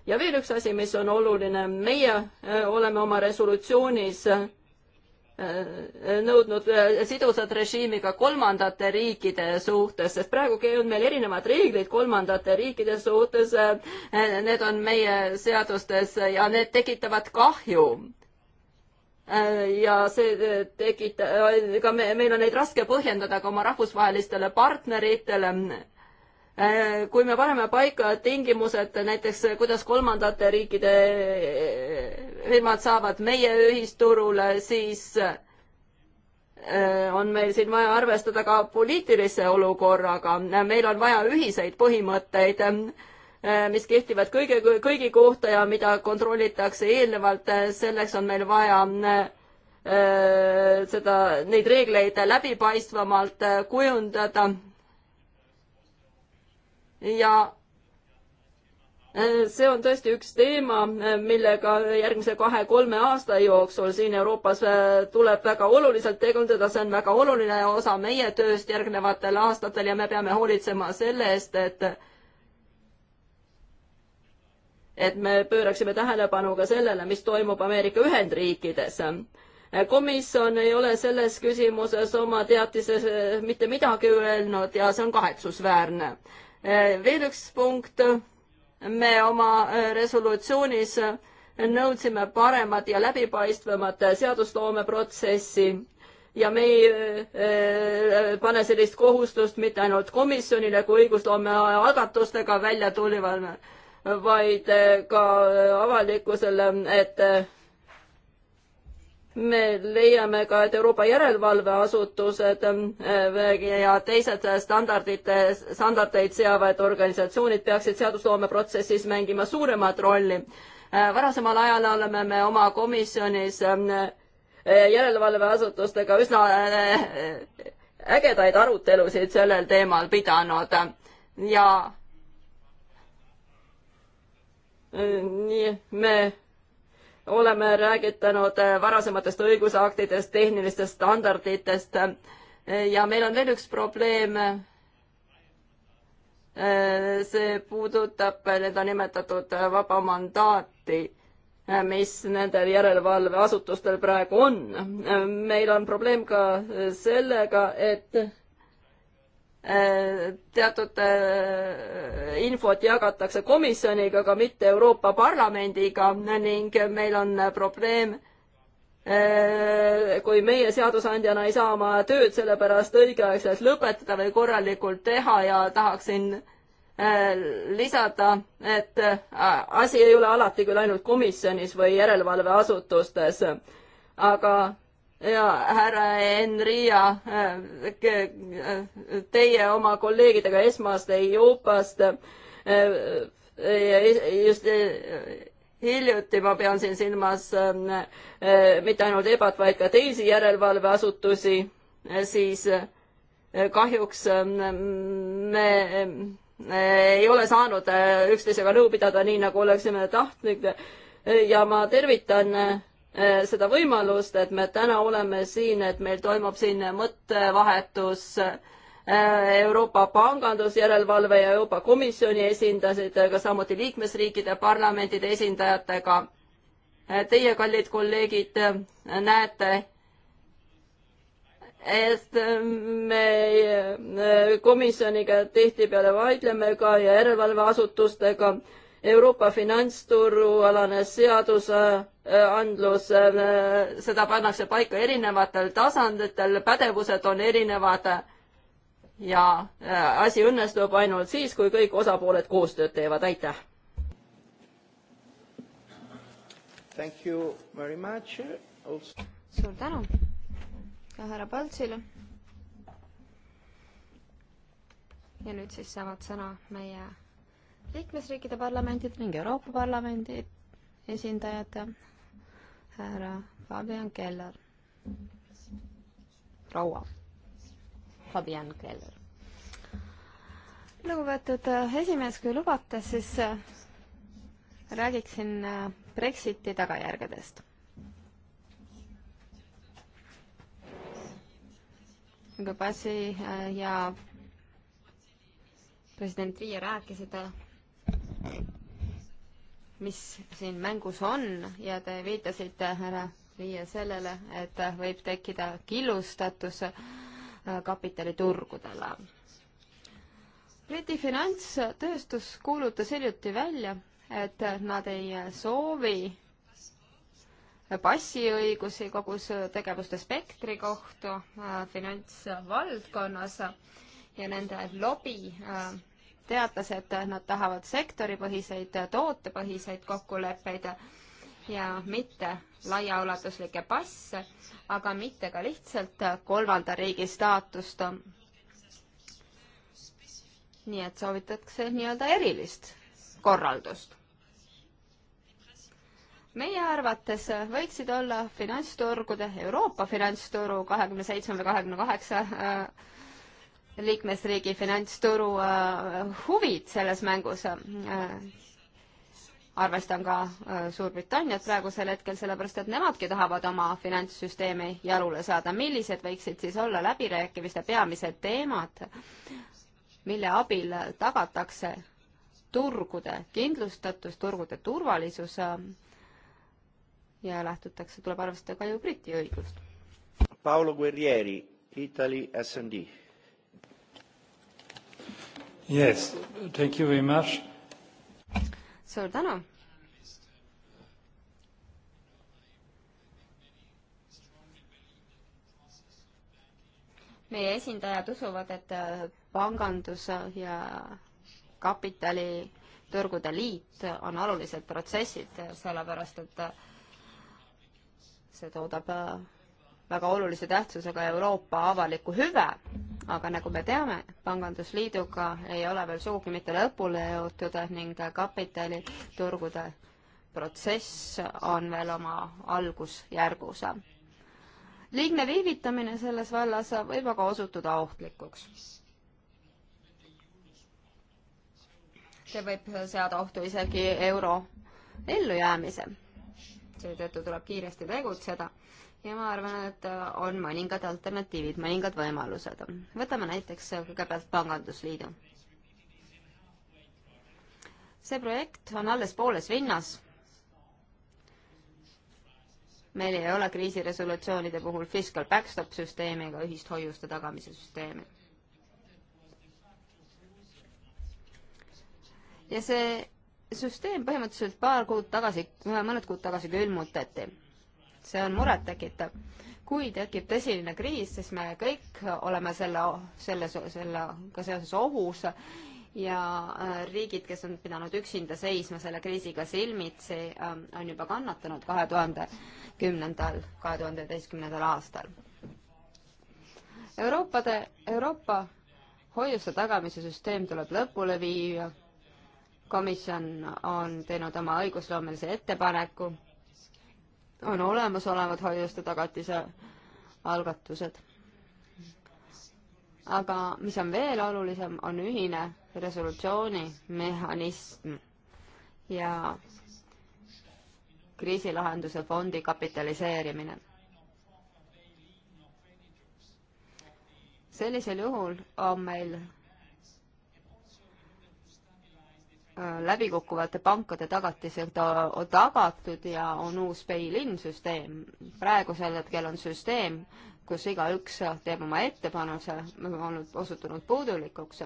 ja veel üks asi, mis on oluline, meie äh, oleme oma resolutsioonis äh, nõudnud sidusat režiimiga kolmandate riikide suhtes, sest praegu on meil erinevad reeglid kolmandate riikide suhtes. Need on meie seadustes ja need tekitavad kahju ja see tekitab, ega me, meil on neid raske põhjendada ka oma rahvusvahelistele partneritele. kui me paneme paika tingimused näiteks, kuidas kolmandate riikide firmad saavad meie ühisturule, siis eh, on meil siin vaja arvestada ka poliitilise olukorraga, meil on vaja ühiseid põhimõtteid Äh, mis kehtivad kõige, kõigi kohta ja mida kontrollitakse eelnevalt, äh, selleks on meil vaja äh, seda, neid reegleid läbipaistvamalt kujundada. ja see on tõesti üks teema, millega järgmise kahe-kolme aasta jooksul siin Euroopas tuleb väga oluliselt tegutseda, see on väga oluline osa meie tööst järgnevatel aastatel ja me peame hoolitsema selle eest, et et me pööraksime tähelepanu ka sellele, mis toimub Ameerika Ühendriikides. komisjon ei ole selles küsimuses oma teatises eh, mitte midagi öelnud ja see on kahetsusväärne. Eh, veel üks punkt, me oma eh, resolutsioonis nõudsime paremat ja läbipaistvamat seadusloomeprotsessi ja me ei äh, pane sellist kohustust mitte ainult komisjonile kui õigusloome algatustega välja tulivale vaid eh, ka eh, avalikkusele, et eh, me leiame ka, et Euroopa järelevalveasutused ja teised standardite, standardeid seavad organisatsioonid peaksid seadusloome protsessis mängima suuremat rolli. varasemal ajal oleme me oma komisjonis järelevalveasutustega üsna ägedaid arutelusid sellel teemal pidanud ja nii me oleme räägitanud äh, varasematest õigusaktidest, tehnilistest standarditest äh, ja meil on veel üks probleem. Äh, see puudutab nõndanimetatud vaba mandaati, mis nendel järelevalveasutustel praegu on. meil on probleem ka sellega, et teatud äh, infot jagatakse komisjoniga, aga mitte Euroopa Parlamendiga ning meil on probleem, äh, kui meie seadusandjana ei saa oma tööd sellepärast õigeaegselt lõpetada või korralikult teha ja tahaksin äh, lisada, et asi ei ole alati küll ainult komisjonis või järelevalveasutustes, aga ja härra Enria, äh, äh, teie oma kolleegidega esmast Euroopast äh, just hiljuti ma pean siin silmas mitte ainult EBA-t, vaid ka teisi järelevalveasutusi, siis kahjuks me ei ole saanud üksteisega nõu pidada nii, nagu oleksime tahtnud ja ma tervitan Eh, seda võimalust, et me täna oleme siin, et meil toimub siin mõttevahetus eh, Euroopa pangandusjärelevalve ja Euroopa Komisjoni esindajatega, samuti liikmesriikide parlamentide esindajatega. Eh, teie, kallid kolleegid, näete, et me komisjoniga tihtipeale vaidleme ka ja järelevalveasutustega Euroopa finantsturualane seadusandlus, seda pannakse paika erinevatel tasanditel, pädevused on erinevad ja äh, asi õnnestub ainult siis, kui kõik osapooled koostööd teevad, aitäh! Thank you very much also. suur tänu ka härra Paltsile. ja nüüd siis saavad sõna meie liikmesriikide parlamendid ning Euroopa Parlamendi esindajad, härra Fabian Keller, proua Fabian Keller. lugupeetud äh, esimees, kui lubate, siis äh, räägiksin äh, Brexiti tagajärgedest Gabasi ja president Riia rääkisid mis siin mängus on ja te viitasite, härra Liie, sellele, et võib tekkida killustatus äh, kapitaliturgudel. Briti finantstööstus kuulutas hiljuti välja, et nad ei soovi passiõigusi kogu tegevuste spektri kohta äh, finantsvaldkonnas ja nende lobi äh, teatas, et nad tahavad sektoripõhiseid, tootepõhiseid kokkuleppeid ja mitte laiaulatuslikke passe, aga mitte ka lihtsalt kolmanda riigi staatust. nii et soovitakse nii-öelda erilist korraldust. meie arvates võiksid olla finantsturgude, Euroopa finantsturu kahekümne seitsme või kahekümne kaheksa äh, liikmesriigi finantsturu äh, huvid selles mängus. Äh, arvestan ka äh, Suurbritanniat praegusel hetkel, sellepärast et nemadki tahavad oma finantssüsteemi jalule saada. millised võiksid siis olla läbirääkimiste peamised teemad, mille abil tagatakse turgude kindlustatus, turgude turvalisus ja lähtutakse, tuleb arvestada ka ju Briti õigust. Paolo Guerrieri, Itali SMD Yes, thank you very much. suur tänu. meie esindajad usuvad, et äh, pangandus ja kapitaliturgude liit on olulised protsessid, sellepärast et äh, see toodab äh, väga olulise tähtsusega Euroopa avalikku hüve aga nagu me teame, pangandusliiduga ei ole veel sugugi mitte lõpule jõutud ning kapitaliturgude protsess on veel oma algusjärgus. liigne viivitamine selles vallas võib aga osutuda ohtlikuks. see võib seada ohtu isegi euro ellujäämise. seetõttu tuleb kiiresti tegutseda ja ma arvan, et äh, on mõningad alternatiivid, mõningad võimalused. võtame näiteks kõigepealt Pangandusliidu. see projekt on alles pooles vinnas. meil ei ole kriisiresolutsioonide puhul fiscal backstop süsteemi ega ühist hoiuste tagamise süsteemi. ja see süsteem põhimõtteliselt paar kuud tagasi, mõned kuud tagasi külmutati see on murettekitav. kui tekib tõsiline kriis, siis me kõik oleme selle, selle, sellega seoses ohus ja äh, riigid, kes on pidanud üksinda seisma selle kriisiga silmitsi, äh, on juba kannatanud kahe tuhande kümnendal, kahe tuhande üheteistkümnendal aastal. Euroopade, Euroopa hoiuste tagamise süsteem tuleb lõpule viia komisjon on teinud oma õigusloomelise ettepaneku on olemasolevad hoiuste tagatise algatused. aga mis on veel olulisem, on ühine resolutsiooni mehhanism ja kriisilahenduse fondi kapitaliseerimine. sellisel juhul on meil läbikukkuvate pankade tagatised on tagatud ja on uus bail-in süsteem. praegusel hetkel on süsteem, kus igaüks teeb oma ettepanuse, olnud osutunud puudulikuks.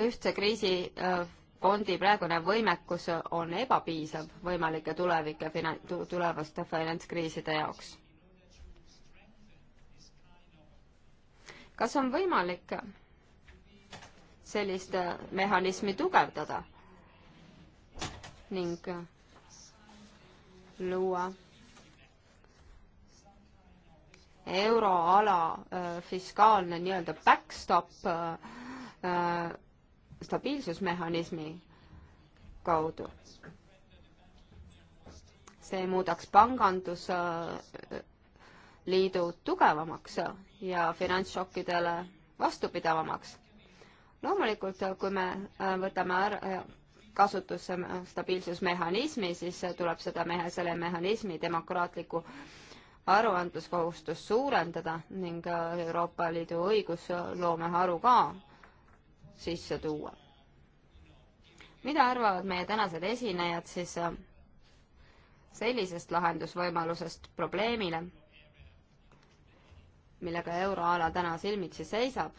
ühtse kriisifondi praegune võimekus on ebapiisav võimalike tulevike fina-, tulevaste finantskriiside jaoks. kas on võimalik sellist äh, mehhanismi tugevdada ning äh, luua euroala äh, fiskaalne nii-öelda backstop stabiilsusmehhanismi kaudu. see muudaks pangandusliidu tugevamaks ja finantsšokkidele vastupidavamaks loomulikult, kui me äh, võtame ära, äh, kasutusse äh, stabiilsusmehhanismi, siis tuleb seda mehe, selle mehhanismi demokraatlikku aruandluskohustust suurendada ning Euroopa Liidu õigusloome haru ka sisse tuua. mida arvavad meie tänased esinejad siis sellisest lahendusvõimalusest probleemile, millega euroala täna silmitsi seisab?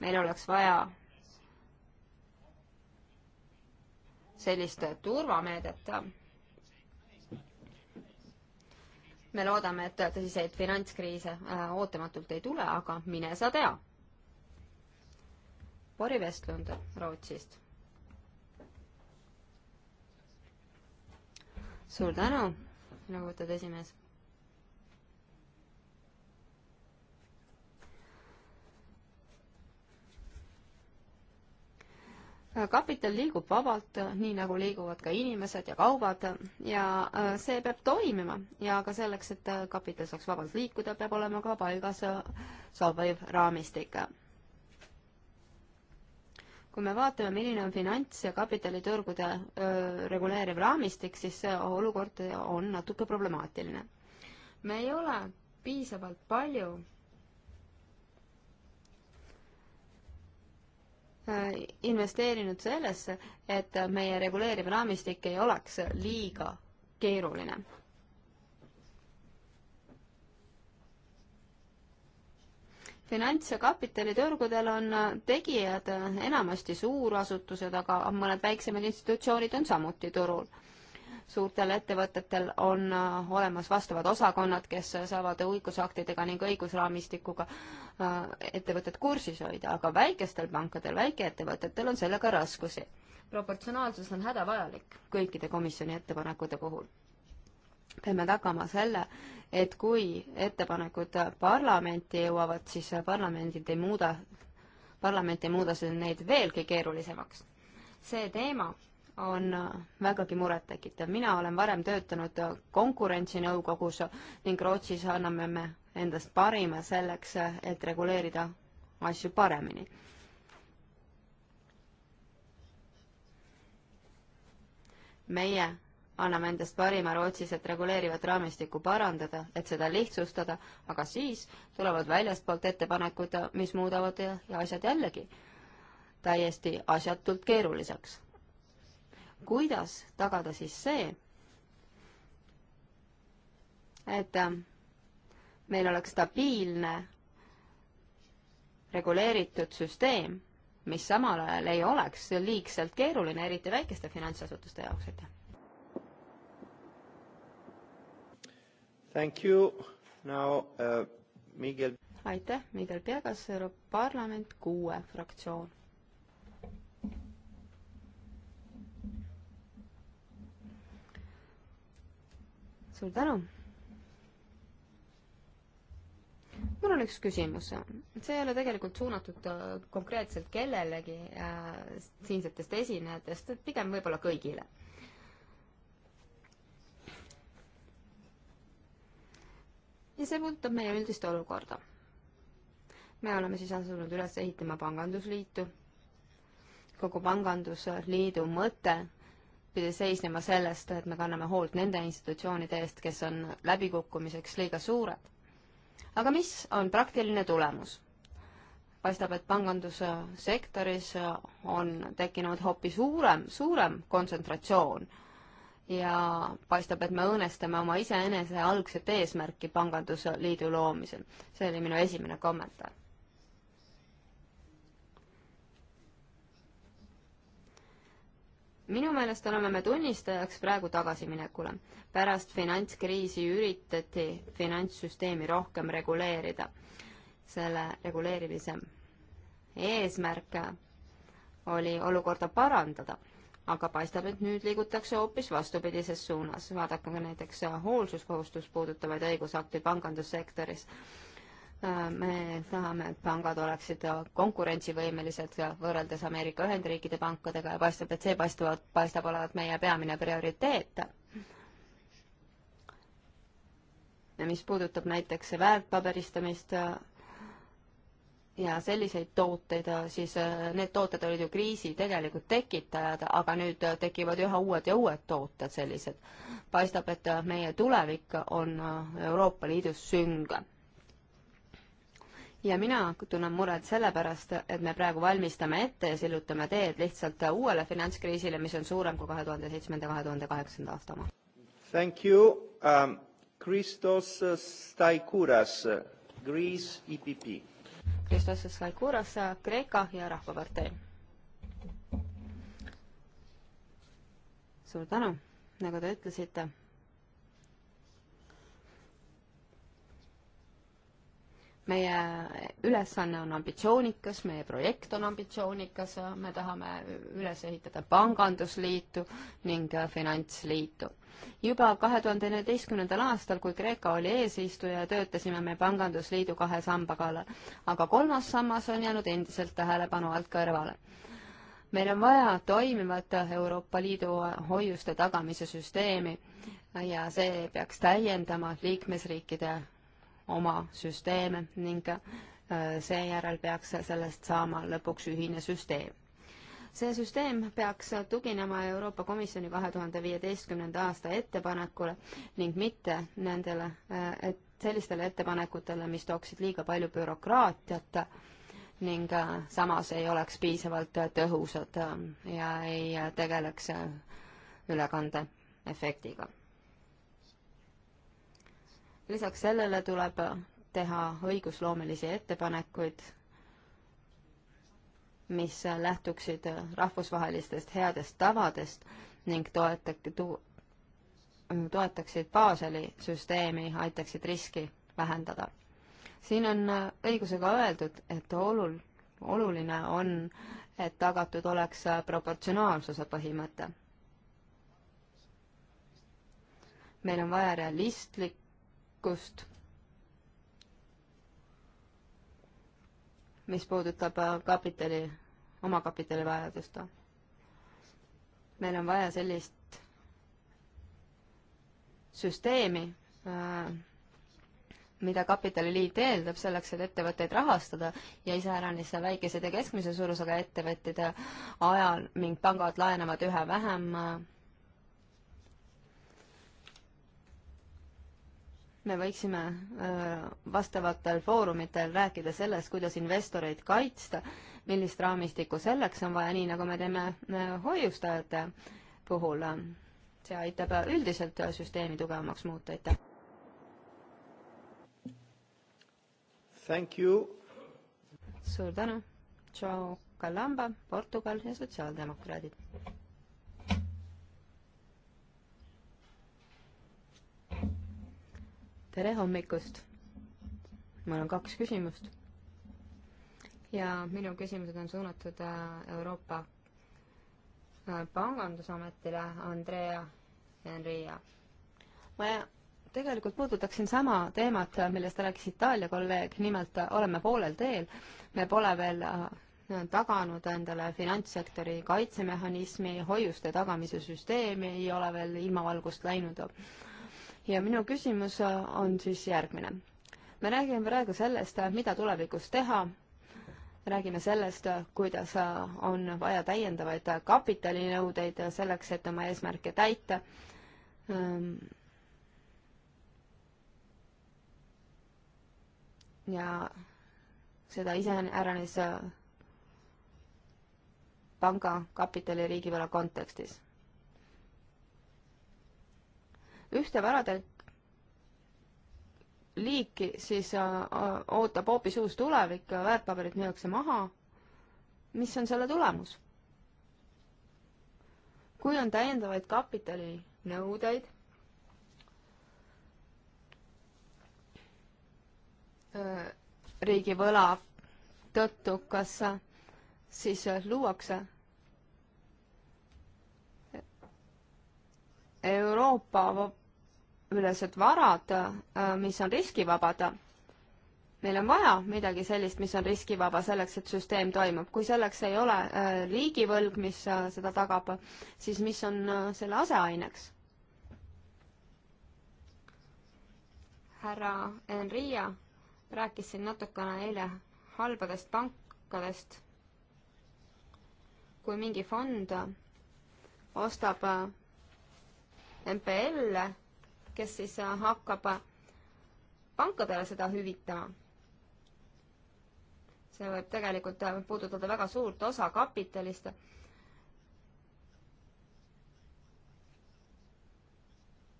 meil oleks vaja sellist turvameedet. me loodame, et tõsiseid finantskriise äh, ootamatult ei tule, aga mine sa tea. Bori Vestlund Rootsist. suur tänu, lugupeetud esimees kapital liigub vabalt, nii nagu liiguvad ka inimesed ja kaubad ja äh, see peab toimima ja ka selleks, et äh, kapital saaks vabalt liikuda, peab olema ka paigas äh, sobiv raamistik. kui me vaatame, milline on finants- ja kapitaliturgude reguleeriv raamistik, siis see olukord on natuke problemaatiline. me ei ole piisavalt palju Äh, investeerinud sellesse, et meie reguleeriv raamistik ei oleks liiga keeruline. finants- ja kapitaliturgudel on tegijad enamasti suurasutused, aga mõned väiksemad institutsioonid on samuti turul suurtel ettevõtetel on äh, olemas vastavad osakonnad, kes saavad õigusaktidega ning õigusraamistikuga äh, ettevõtet kursis hoida, aga väikestel pankadel, väikeettevõtetel on sellega raskusi. proportsionaalsus on hädavajalik kõikide komisjoni ettepanekute puhul peame tagama selle, et kui ettepanekud parlamenti jõuavad, siis parlamendid ei muuda, parlament ei muuda neid veelgi keerulisemaks. see teema on äh, vägagi murettekitav. mina olen varem töötanud äh, konkurentsinõukogus ning Rootsis anname me endast parima selleks, äh, et reguleerida asju paremini. meie anname endast parima Rootsis, et reguleerivat raamistikku parandada, et seda lihtsustada, aga siis tulevad väljastpoolt ettepanekud, mis muudavad ja asjad jällegi täiesti asjatult keeruliseks kuidas tagada siis see, et äh, meil oleks stabiilne reguleeritud süsteem, mis samal ajal ei oleks liigselt keeruline, eriti väikeste finantsasutuste jaoks, aitäh. Thank you, now uh, Miguel. aitäh, Miguel Piegas, Euroopa Parlament, kuue fraktsioon suur tänu! mul on üks küsimus, see ei ole tegelikult suunatud äh, konkreetselt kellelegi äh, siinsetest esinejatest, pigem võib-olla kõigile. ja see puudutab meie üldist olukorda. me oleme siis asunud üles ehitama pangandusliitu. kogu pangandusliidu mõte edaspidi seisnema sellest, et me kanname hoolt nende institutsioonide eest, kes on läbikukkumiseks liiga suured. aga mis on praktiline tulemus? paistab, et pangandussektoris on tekkinud hoopis suurem, suurem kontsentratsioon ja paistab, et me õõnestame oma iseenese algset eesmärki pangandusliidu loomisel. see oli minu esimene kommentaar minu meelest oleme me tunnistajaks praegu tagasiminekule. pärast finantskriisi üritati finantssüsteemi rohkem reguleerida. selle reguleerimise eesmärk oli olukorda parandada, aga paistab, et nüüd liigutakse hoopis vastupidises suunas. vaadake näiteks hoolsuskohustust puudutavaid õigusakti pangandussektoris Äh, me tahame, et pangad oleksid konkurentsivõimelised võrreldes Ameerika Ühendriikide pankadega ja paistab, et see paistavad, paistab olevat meie peamine prioriteet. ja mis puudutab näiteks väärtpaberistamist äh, ja selliseid tooteid, äh, siis need tooted olid ju kriisi tegelikult tekitajad, aga nüüd tekivad üha uued ja uued tooted sellised. paistab, et meie tulevik on Euroopa Liidus sünge ja mina tunnen muret sellepärast, et me praegu valmistame ette ja sillutame teed lihtsalt uuele finantskriisile, mis on suurem kui kahe tuhande seitsmenda, kahe tuhande kaheksanda aasta oma. Thank you um,. Christos Staikouras, Greece EPP. Christos Staikouras, Kreeka ja Rahvapartei. suur tänu, nagu te ütlesite meie ülesanne on ambitsioonikas, meie projekt on ambitsioonikas, me tahame üles ehitada pangandusliitu ning finantsliitu. juba kahe tuhande neljateistkümnendal aastal, kui Kreeka oli eesistuja, töötasime me pangandusliidu kahe samba kallal, aga kolmas sammas on jäänud endiselt tähelepanu alt kõrvale meil on vaja toimivat Euroopa Liidu hoiuste tagamise süsteemi ja see peaks täiendama liikmesriikide oma süsteeme ning äh, seejärel peaks sellest saama lõpuks ühine süsteem. see süsteem peaks tuginema Euroopa Komisjoni kahe tuhande viieteistkümnenda aasta ettepanekule ning mitte nendele, äh, et sellistele ettepanekutele, mis tooksid liiga palju bürokraatiat ning äh, samas ei oleks piisavalt tõhusad ja ei tegeleks ülekande efektiga lisaks sellele tuleb teha õigusloomelisi ettepanekuid, mis lähtuksid rahvusvahelistest headest tavadest ning toetak-, tu-, toetaksid Baseli süsteemi, aitaksid riski vähendada. siin on õigusega öeldud, et olul-, oluline on, et tagatud oleks proportsionaalsuse põhimõte. meil on vaja realistlik tarkust, mis puudutab äh, kapitali, omakapitali vajadust. meil on vaja sellist süsteemi, äh, mida Kapitaliliit eeldab selleks, et ettevõtteid rahastada ja iseäranis väikesed ja keskmise suurusega ettevõtted ajal ning pangad laenavad üha vähem äh, me võiksime äh, vastavatel foorumitel rääkida sellest, kuidas investoreid kaitsta, millist raamistikku selleks on vaja, nii nagu me teeme äh, hoiustajate puhul. see aitab üldiselt süsteemi tugevamaks muuta, aitäh. Thank you. suur tänu. Ciao, Kalamba, Portugal ja sotsiaaldemokraadid. tere hommikust! mul on kaks küsimust. ja minu küsimused on suunatud äh, Euroopa äh, Pangandusametile, Andrea Enria. ma tegelikult puudutaksin sama teemat, millest rääkis Itaalia kolleeg, nimelt äh, oleme poolel teel, me pole veel taganud endale finantssektori kaitsemehhanismi, hoiuste tagamise süsteemi ei ole veel ilmavalgust läinud ja minu küsimus äh, on siis järgmine. me räägime praegu sellest, äh, mida tulevikus teha, räägime sellest, äh, kuidas on vaja täiendavaid kapitalinõudeid selleks, et oma eesmärke täita. Ähm, ja seda iseäranis panga kapitali riigivõla kontekstis ühte varade liiki, siis äh, äh, ootab hoopis uus tulevik, äh, väärtpaberid müüakse maha. mis on selle tulemus? kui on täiendavaid kapitalinõudeid, riigivõla tõttu, kas siis luuakse Euroopa ülesed varad, äh, mis on riskivabad. meil on vaja midagi sellist, mis on riskivaba selleks, et süsteem toimub. kui selleks ei ole äh, riigivõlg, mis äh, seda tagab, siis mis on selle aseaineks? härra Enria rääkis siin natukene eile halbadest pankadest. kui mingi fond ostab MPL-e kes siis äh, hakkab äh, pankadele seda hüvitama. see võib tegelikult äh, puudutada väga suurt osa kapitalist.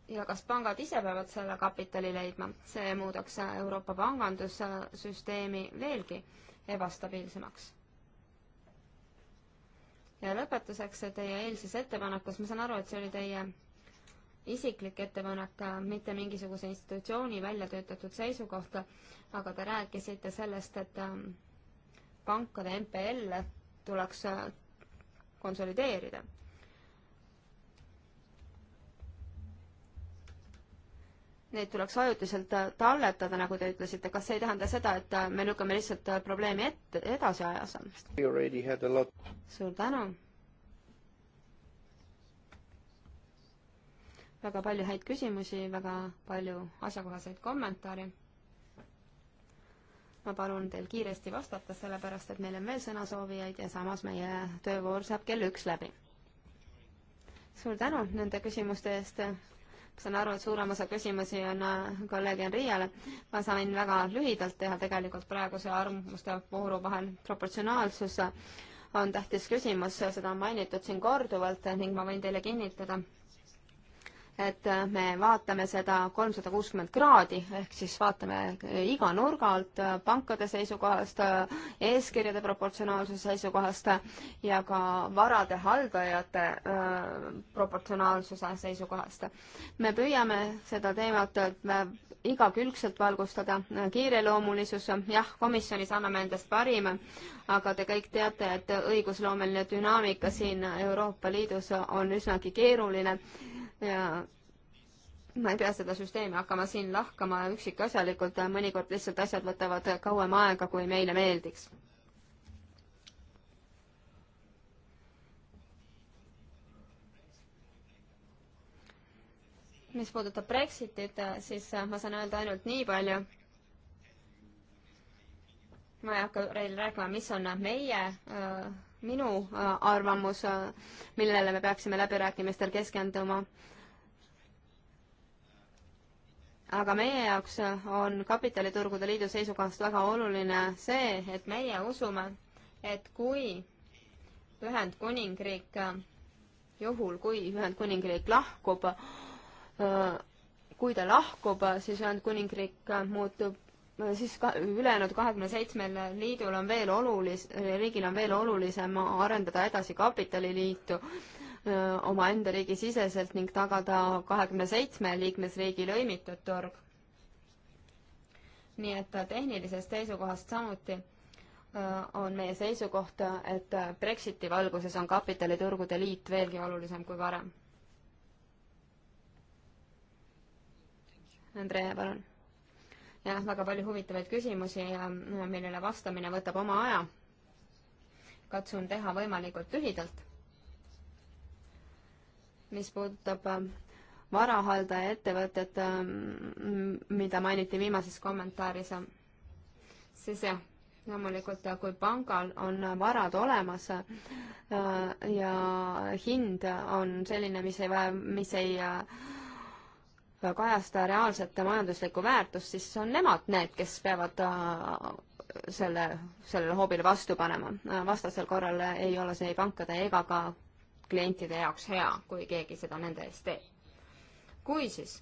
ja kas pangad ise peavad selle kapitali leidma, see muudaks Euroopa pangandussüsteemi veelgi ebastabiilsemaks. ja lõpetuseks teie eilses ettepanekus, ma saan aru, et see oli teie isiklik ettepanek, äh, mitte mingisuguse institutsiooni välja töötatud seisukohta, aga te rääkisite sellest, et ähm, pankade MPL tuleks äh, konsolideerida. Neid tuleks ajutiselt äh, talletada, nagu te ütlesite, kas see ei tähenda seda, et me lükkame lihtsalt probleemi ette, edasi ajas? suur tänu! väga palju häid küsimusi, väga palju asjakohaseid kommentaare. ma palun teil kiiresti vastata, sellepärast et meil on veel sõnasoovijaid ja samas meie töövoor saab kell üks läbi. suur tänu nende küsimuste eest ma saan aru, et suurem osa küsimusi on äh, kolleeg Henriale. ma sain väga lühidalt teha tegelikult praeguse arvamuste vooru vahel. proportsionaalsus on tähtis küsimus, seda on mainitud siin korduvalt ning ma võin teile kinnitada, et me vaatame seda kolmsada kuuskümmend kraadi, ehk siis vaatame iga nurga alt, pankade seisukohast, eeskirjade proportsionaalsuse seisukohast ja ka varade haldajate äh, proportsionaalsuse seisukohast. me püüame seda teemat äh, igakülgselt valgustada, kiireloomulisus, jah, komisjonis anname endast parima, aga te kõik teate, et õigusloomeline dünaamika siin Euroopa Liidus on üsnagi keeruline ja ma ei pea seda süsteemi hakkama siin lahkama üksikasjalikult, mõnikord lihtsalt asjad võtavad kauem aega, kui meile meeldiks. mis puudutab Brexitit, siis ma saan öelda ainult nii palju. ma ei hakka teile rääkima, mis on meie öö, äh, minu äh, arvamus, äh, millele me peaksime läbirääkimistel keskenduma. aga meie jaoks äh, on Kapitaliturgude Liidu seisukohast väga oluline see, et meie usume, et kui Ühendkuningriik, juhul kui Ühendkuningriik lahkub, kui ta lahkub, siis Ühendkuningriik muutub siis ka ülejäänud kahekümne seitsmel liidul on veel olulis-, riigil on veel olulisem arendada edasi kapitaliliitu omaenda riigi siseselt ning tagada kahekümne seitsme liikmesriigi lõimitud turg. nii et tehnilisest seisukohast samuti on meie seisukoht, et Brexiti valguses on kapitaliturgude liit veelgi olulisem kui varem. Andrea, palun jah, väga palju huvitavaid küsimusi ja mm, millele vastamine võtab oma aja. katsun teha võimalikult lühidalt. mis puudutab ähm, varahaldaja ettevõtet, ähm, mida mainiti viimases kommentaaris, ähm, siis jah, loomulikult äh, kui pangal on äh, varad olemas äh, ja hind on selline, mis ei, mis ei Äh, kajasta reaalset majanduslikku väärtust, siis on nemad need, kes peavad äh, selle, sellele hoobile vastu panema. Äh, vastasel korral ei ole see ei pankade ega ka klientide jaoks hea, kui keegi seda nende eest teeb. kui siis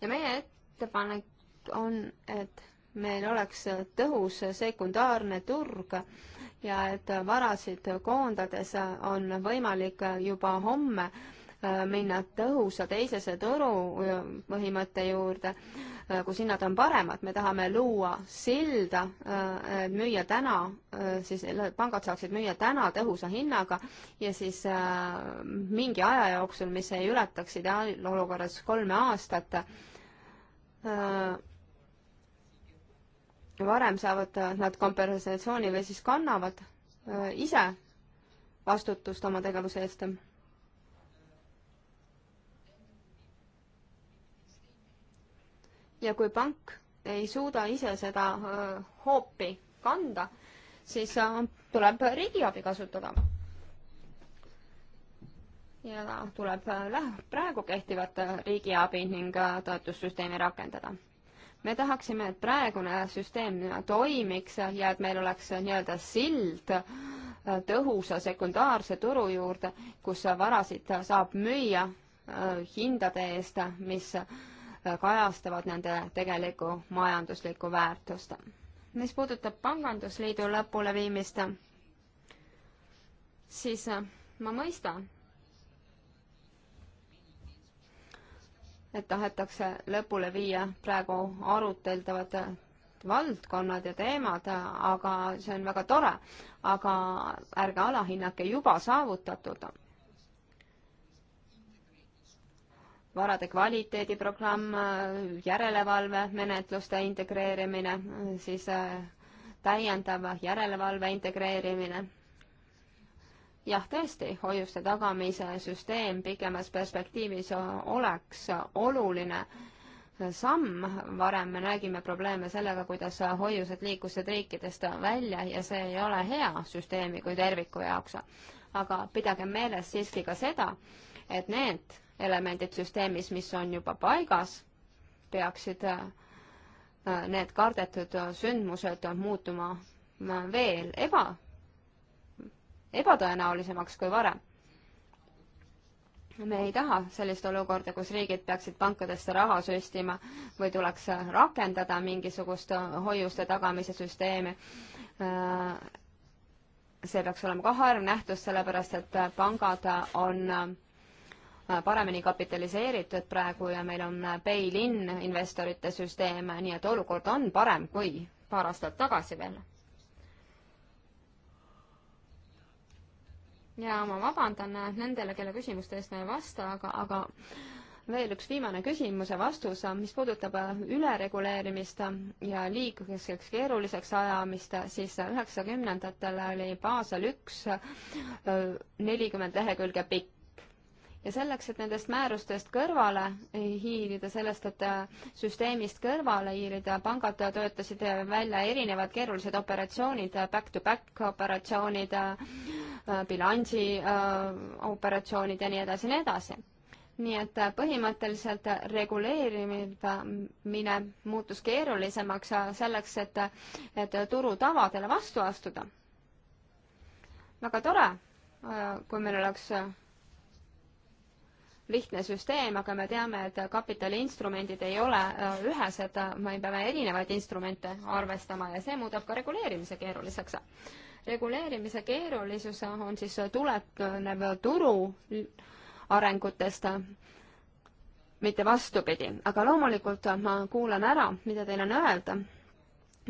ja meie ettepanek on, et meil oleks tõhus sekundaarne turg ja et varasid koondades on võimalik juba homme äh, minna tõhusa teisese turu äh, põhimõtte juurde, äh, kus hinnad on paremad, me tahame luua silda, müüa täna, siis pangad saaksid müüa täna tõhusa hinnaga ja siis mingi aja jooksul, mis ei ületaks ideaalolukorras kolme aastat, varem saavad nad kompensatsiooni või siis kannavad äh, ise vastutust oma tegevuse eest. ja kui pank ei suuda ise seda äh, hoopi kanda, siis äh, tuleb riigiabi kasutada. ja tuleb praegu kehtivat riigiabi ning toetussüsteemi rakendada me tahaksime, et praegune süsteem toimiks ja et meil oleks nii-öelda sild tõhusa sekundaarse turu juurde, kus varasid saab müüa äh, hindade eest, mis äh, kajastavad nende tegelikku majanduslikku väärtust. mis puudutab Pangandusliidu lõpuleviimist, siis äh, ma mõistan, et tahetakse lõpule viia praegu aruteldavad valdkonnad ja teemad, aga see on väga tore, aga ärge alahinnake juba saavutatud. varade kvaliteediprogramm, järelevalvemenetluste integreerimine, siis äh, täiendav järelevalve integreerimine jah, tõesti, hoiuste tagamise süsteem pikemas perspektiivis oleks oluline samm, varem me nägime probleeme sellega, kuidas hoiused liikusid riikidest välja ja see ei ole hea süsteemi kui terviku jaoks. aga pidage meeles siiski ka seda, et need elemendid süsteemis, mis on juba paigas, peaksid äh, need kardetud sündmused muutuma veel eba ebatõenäolisemaks kui varem. me ei taha sellist olukorda, kus riigid peaksid pankadesse raha süstima või tuleks rakendada mingisugust hoiuste tagamise süsteemi. see peaks olema ka harv nähtus, sellepärast et pangad on paremini kapitaliseeritud praegu ja meil on bail-in investorite süsteem, nii et olukord on parem kui paar aastat tagasi veel ja ma vabandan äh, nendele, kelle küsimuste eest ma ei vasta, aga, aga veel üks viimane küsimus ja vastus, äh, mis puudutab äh, ülereguleerimist ja liigkeskeks keeruliseks ajamist, siis üheksakümnendatel oli Basel üks nelikümmend lehekülge pikk ja selleks, et nendest määrustest kõrvale hiilida, sellest, et äh, süsteemist kõrvale hiilida, pangad töötasid äh, välja erinevad keerulised operatsioonid back, äh, back-to-back operatsioonid, bilansi operatsioonid ja nii edasi ja nii edasi nii et põhimõtteliselt reguleerimine muutus keerulisemaks selleks, et, et turu tavadele vastu astuda. väga tore, kui meil oleks lihtne süsteem, aga me teame, et kapitaliinstrumendid ei ole äh, ühesed, me peame erinevaid instrumente arvestama ja see muudab ka reguleerimise keeruliseks. reguleerimise keerulisus on siis tulenev turu arengutest, mitte vastupidi, aga loomulikult ma kuulan ära, mida teil on öelda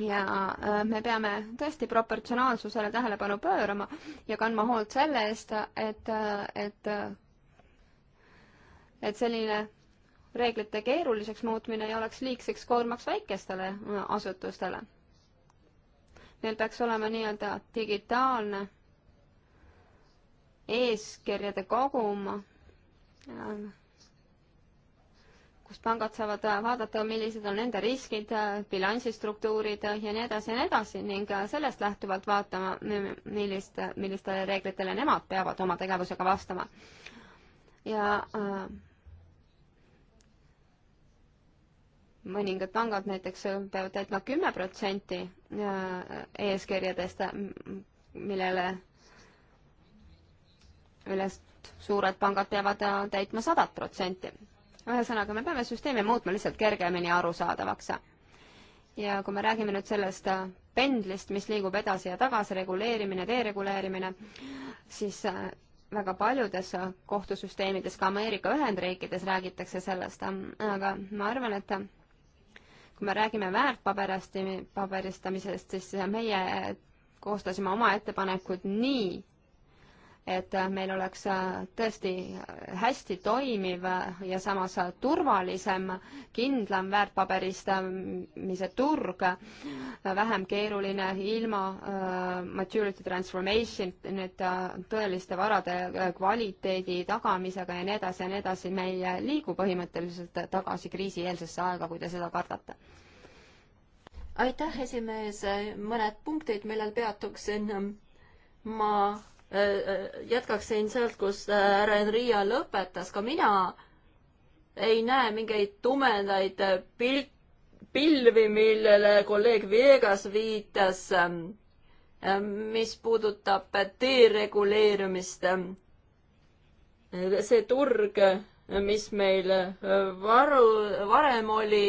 ja äh, me peame tõesti proportsionaalsusele tähelepanu pöörama ja kandma hoolt selle eest, et, äh, et et selline reeglite keeruliseks muutmine ei oleks liigseks koormaks väikestele äh, asutustele. Neil peaks olema nii-öelda digitaalne eeskirjade kogum, äh, kus pangad saavad äh, vaadata, millised on nende riskid, bilansistruktuurid ja nii edasi ja nii edasi ning sellest lähtuvalt vaatama, millist, millistele reeglitele nemad peavad oma tegevusega vastama. ja äh, mõningad pangad näiteks peavad täitma kümme protsenti äh, eeskirjadest, millele üles suured pangad peavad äh, täitma sadat protsenti. ühesõnaga, me peame süsteemi muutma lihtsalt kergemini arusaadavaks. ja kui me räägime nüüd sellest äh, pendlist, mis liigub edasi ja tagasi, reguleerimine, dereguleerimine, siis väga paljudes kohtusüsteemides, ka Ameerika Ühendriikides räägitakse sellest, aga ma arvan, et kui me räägime väärtpaberistamisest, siis meie koostasime oma ettepanekud nii, et meil oleks äh, tõesti hästi toimiv ja samas turvalisem, kindlam väärtpaberistamise turg, vähem keeruline ilma äh, maturity transformation, need äh, tõeliste varade kvaliteedi tagamisega ja nii edasi ja nii edasi, me ei liigu põhimõtteliselt tagasi kriisieelsesse aega, kui te seda kardate aitäh, esimees, mõned punktid, millel peatuksin. ma jätkaksin sealt, kus äh, härra Enria lõpetas, ka mina ei näe mingeid tumedaid äh, pil-, pilvi, millele kolleeg Viegas viitas, ähm, ähm, mis puudutab dereguleerimist. Äh, ähm, see turg, mis meil varu, varem oli,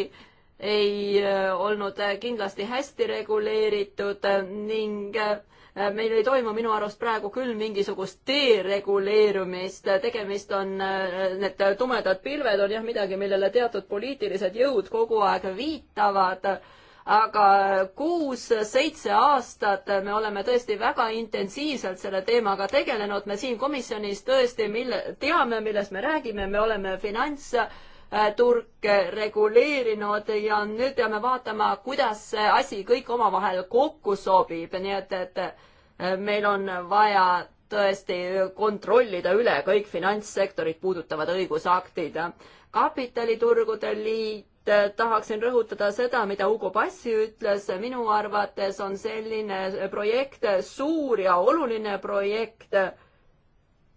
ei olnud kindlasti hästi reguleeritud ning äh, Äh, meil ei toimu minu arust praegu küll mingisugust dereguleerumist, tegemist on, äh, need tumedad pilved on jah midagi, millele teatud poliitilised jõud kogu aeg viitavad, aga kuus-seitse aastat me oleme tõesti väga intensiivselt selle teemaga tegelenud, me siin komisjonis tõesti mille, teame, millest me räägime, me oleme finants Äh, turge reguleerinud ja nüüd peame vaatama, kuidas see asi kõik omavahel kokku sobib, nii et, et äh, meil on vaja tõesti kontrollida üle kõik finantssektorit puudutavad õigusaktid. kapitaliturgude liit, äh, tahaksin rõhutada seda, mida Ugo Passi ütles, minu arvates on selline projekt suur ja oluline projekt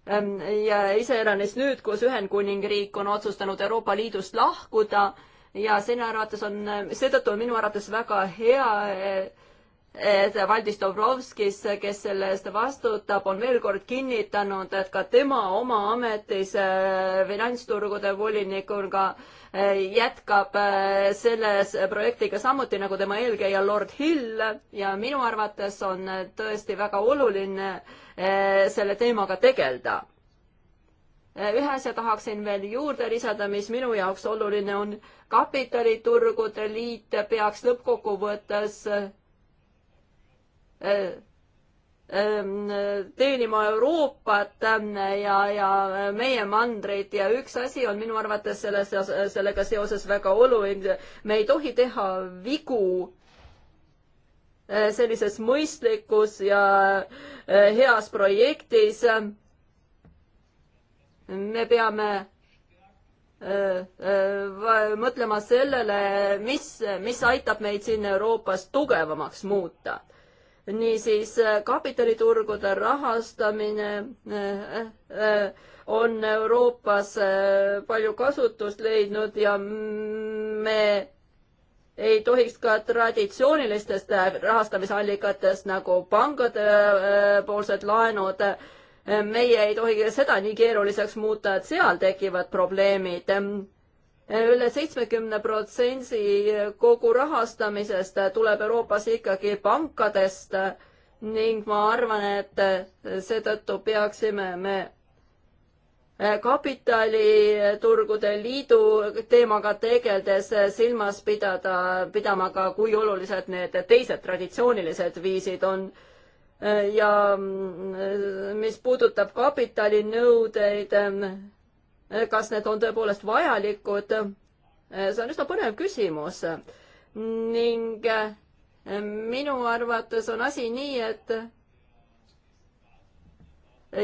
Ähm, ja iseäranis nüüd, kus Ühendkuningriik on otsustanud Euroopa Liidust lahkuda ja sinu arvates on, seetõttu on minu arvates väga hea Valdis Dobrovskis, kes selle eest vastutab, on veel kord kinnitanud, et ka tema oma ametis äh, finantsturgude volinikuga äh, jätkab äh, selles projektiga samuti nagu tema eelkäija Lord Hill ja minu arvates on tõesti väga oluline selle teemaga tegeleda ühe asja tahaksin veel juurde lisada, mis minu jaoks oluline on. kapitaliturgude liit peaks lõppkokkuvõttes teenima Euroopat ähm, ja, ja meie mandrit ja üks asi on minu arvates selles, sellega seoses väga oluline, me ei tohi teha vigu äh, sellises mõistlikus ja äh, heas projektis. me peame äh, mõtlema sellele, mis, mis aitab meid siin Euroopas tugevamaks muuta niisiis äh, kapitaliturgude rahastamine äh, äh, on Euroopas palju kasutust leidnud ja me ei tohiks ka traditsioonilistest rahastamisallikatest nagu pangade poolsed laenud, meie ei tohi seda nii keeruliseks muuta, et seal tekivad probleemid üle seitsmekümne protsendsi kogu rahastamisest tuleb Euroopas ikkagi pankadest ning ma arvan, et seetõttu peaksime me kapitaliturgude liidu teemaga tegeldes silmas pidada, pidama ka, kui olulised need teised traditsioonilised viisid on ja mis puudutab kapitalinõudeid, kas need on tõepoolest vajalikud, see on üsna põnev küsimus. ning eh, minu arvates on asi nii, et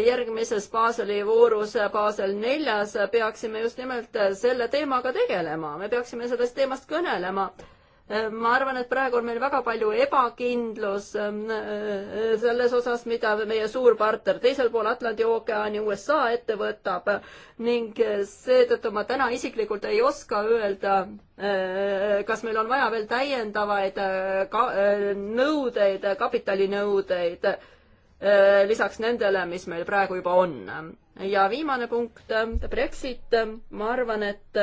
järgmises Baseli voorus, Basel neljas, peaksime just nimelt selle teemaga tegelema, me peaksime sellest teemast kõnelema ma arvan, et praegu on meil väga palju ebakindlus ähm, äh, selles osas, mida meie suur partner teisel pool Atlandi ookeani USA ette võtab ning äh, seetõttu ma täna isiklikult ei oska öelda, äh, kas meil on vaja veel täiendavaid ka nõudeid, kapitalinõudeid lisaks nendele, mis meil praegu juba on. ja viimane punkt, Brexit, ma arvan, et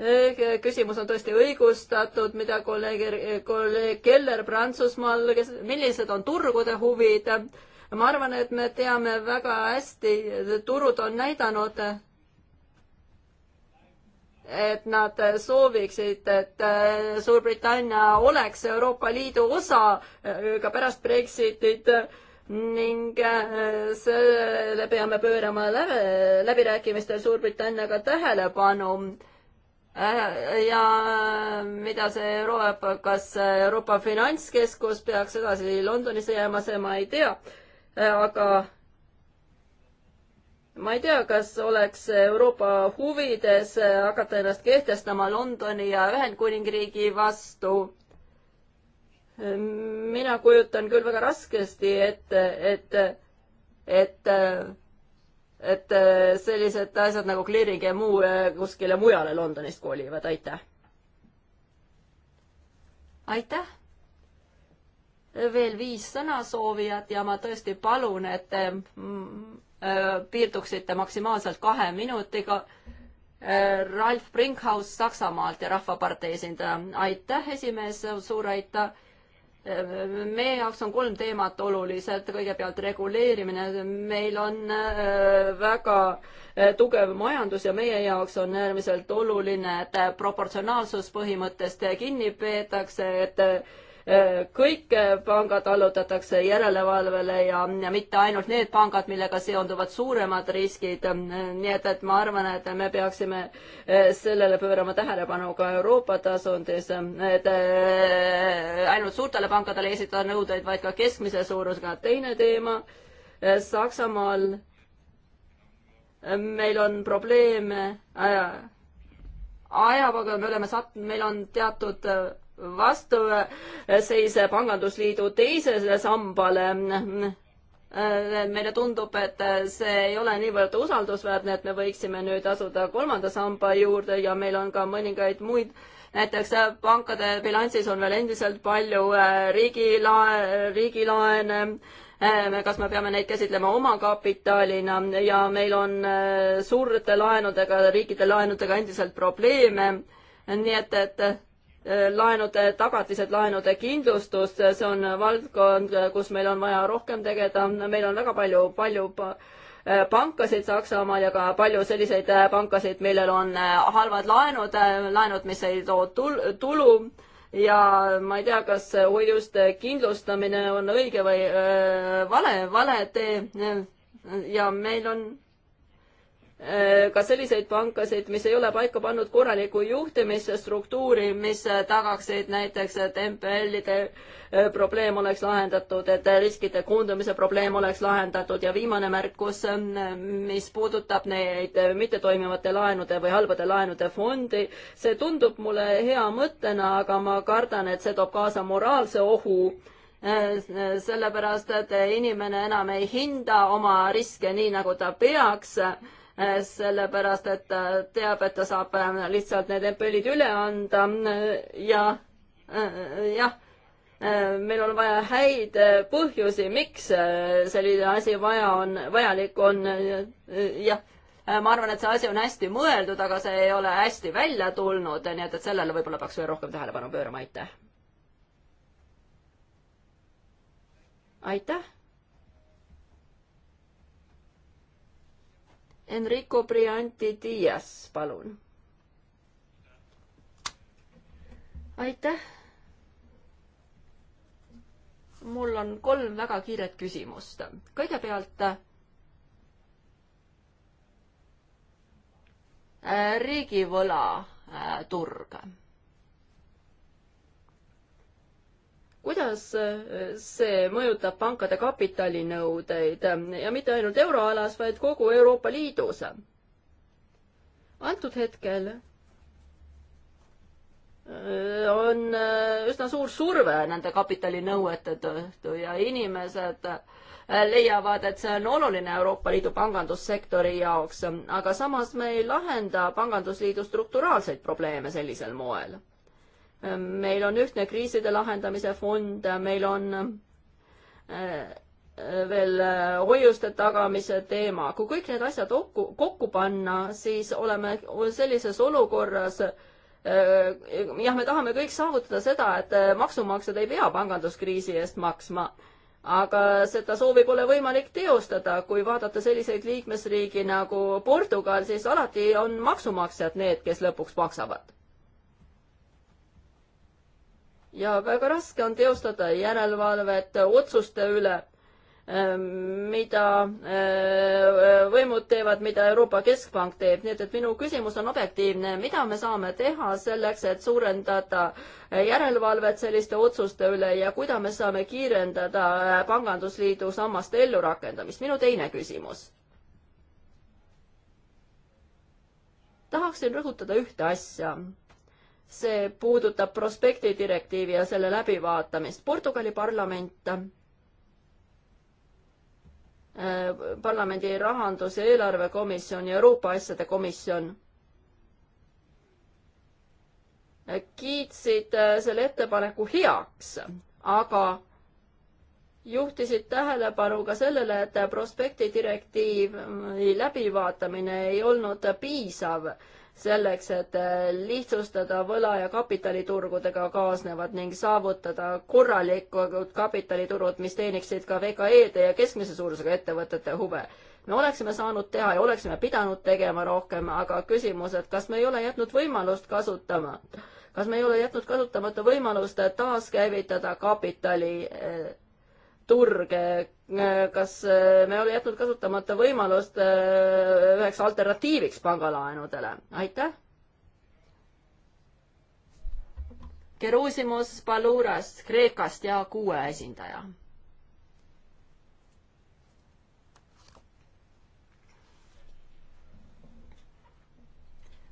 Äh, küsimus on tõesti õigustatud, mida kolleeg, er-, kolleeg Keller Prantsusmaal, kes, millised on turgude huvid. ma arvan, et me teame väga hästi, turud on näidanud, et nad sooviksid, et äh, Suurbritannia oleks Euroopa Liidu osa äh, ka pärast Brexitit ning sellele peame pöörama läbirääkimistel Suurbritanniaga tähelepanu Äh, ja äh, mida see Euroopa, kas Euroopa Finantskeskus peaks edasi Londonisse jääma, see ma ei tea. Äh, aga ma ei tea, kas oleks Euroopa huvides hakata ennast kehtestama Londoni ja Ühendkuningriigi vastu. mina kujutan küll väga raskesti ette, et, et, et et äh, sellised asjad nagu clearing ja muu äh, kuskile mujale Londonist kolivad, aitäh. aitäh. veel viis sõnasoovijat ja ma tõesti palun, et te äh, piirduksite maksimaalselt kahe minutiga. Ralf Brinkhaus Saksamaalt ja Rahvapartei esindaja, aitäh, esimees, suur aitäh meie jaoks on kolm teemat olulised, kõigepealt reguleerimine, meil on äh, väga äh, tugev majandus ja meie jaoks on äärmiselt oluline, et proportsionaalsuspõhimõttest kinni peetakse, et kõik äh, pangad allutatakse järelevalvele ja, ja mitte ainult need pangad, millega seonduvad suuremad riskid. nii et, et ma arvan, et me peaksime äh, sellele pöörama tähelepanu ka Euroopa tasandis, et äh, ainult suurtele pankadele ei esita nõudeid, vaid ka keskmise suurusega. teine teema, Saksamaal meil on probleeme ajaga, me oleme sat-, meil on teatud vastuseis Pangandusliidu teisele sambale. meile tundub, et see ei ole niivõrd usaldusväärne, et me võiksime nüüd asuda kolmanda samba juurde ja meil on ka mõningaid muid näiteks pankade bilansis on veel endiselt palju äh, riigilae, riigilaene, äh, kas me peame neid käsitlema omakapitalina ja meil on äh, suurte laenudega, riikide laenudega endiselt probleeme, nii et, et laenude tagatised, laenude kindlustus, see on valdkond, kus meil on vaja rohkem tegeleda, meil on väga palju, palju pankasid Saksamaal ja ka palju selliseid pankasid, millel on halvad laenud, laenud, mis ei too tul-, tulu ja ma ei tea, kas hoiuste kindlustamine on õige või öö, äh, vale, vale tee ja meil on Äh, ka selliseid pankasid, mis ei ole paika pannud korralikku juhtimisstruktuuri, mis tagaksid näiteks, et MPL-ide äh, probleem oleks lahendatud, et riskide koondumise probleem oleks lahendatud ja viimane märkus, äh, mis puudutab neid mittetoimivate laenude või halbade laenude fondi, see tundub mulle hea mõttena, aga ma kardan, et see toob kaasa moraalse ohu sellepärast, et inimene enam ei hinda oma riske nii, nagu ta peaks sellepärast et teab, et ta saab äh, lihtsalt need empellid üle anda ja äh, jah, äh, meil on vaja häid põhjusi, miks selline asi vaja on, vajalik on, jah ma arvan, et see asi on hästi mõeldud, aga see ei ole hästi välja tulnud, nii et, et sellele võib-olla peaks veel rohkem tähelepanu pöörama, aitäh. aitäh Enrico Brianti Dias, palun. aitäh. mul on kolm väga kiiret küsimust. kõigepealt äh, riigivõla turg kuidas eh, see mõjutab pankade kapitalinõudeid eh, ja mitte ainult euroalas, vaid kogu Euroopa Liidus? antud hetkel eh, on üsna suur surve nende kapitalinõuete tõttu ja inimesed leiavad, et see on oluline Euroopa Liidu pangandussektori jaoks, aga samas me ei lahenda pangandusliidu strukturaalseid probleeme sellisel moel meil on ühtne kriiside lahendamise fond, meil on äh, äh, veel äh, hoiuste tagamise teema. kui kõik need asjad kokku, kokku panna, siis oleme sellises olukorras, jah, me tahame kõik saavutada seda, et maksumaksjad ei pea panganduskriisi eest maksma, aga seda soovi pole võimalik teostada. kui vaadata selliseid liikmesriigi nagu Portugal, siis alati on maksumaksjad need, kes lõpuks maksavad ja väga raske on teostada järelevalvet otsuste üle, ähm, mida äh, võimud teevad, mida Euroopa Keskpank teeb, nii et, et minu küsimus on objektiivne, mida me saame teha selleks, et suurendada äh, järelevalvet selliste otsuste üle ja kuidas me saame kiirendada äh, Pangandusliidu sammaste ellurakendamist, minu teine küsimus. tahaksin rõhutada ühte asja see puudutab prospekti direktiivi ja selle läbivaatamist. Portugali parlament äh, parlamendi rahandus- ja eelarvekomisjon ja Euroopa asjade komisjon äh, kiitsid äh, selle ettepaneku heaks, aga juhtisid tähelepanu ka sellele, et prospekti direktiivi läbivaatamine ei olnud piisav selleks, et äh, lihtsustada võla- ja kapitaliturgudega kaasnevad ning saavutada korralikud kapitaliturud, mis teeniksid ka VKE-de ja keskmise suurusega ettevõtete huve. me oleksime saanud teha ja oleksime pidanud tegema rohkem, aga küsimus, et kas me ei ole jätnud võimalust kasutama, kas me ei ole jätnud kasutamata võimalust taaskäivitada kapitali äh, turge, kas me oleme jätnud kasutamata võimalust äh, üheks alternatiiviks pangalaenudele? aitäh! Gerusimos Palurast Kreekast ja kuue esindaja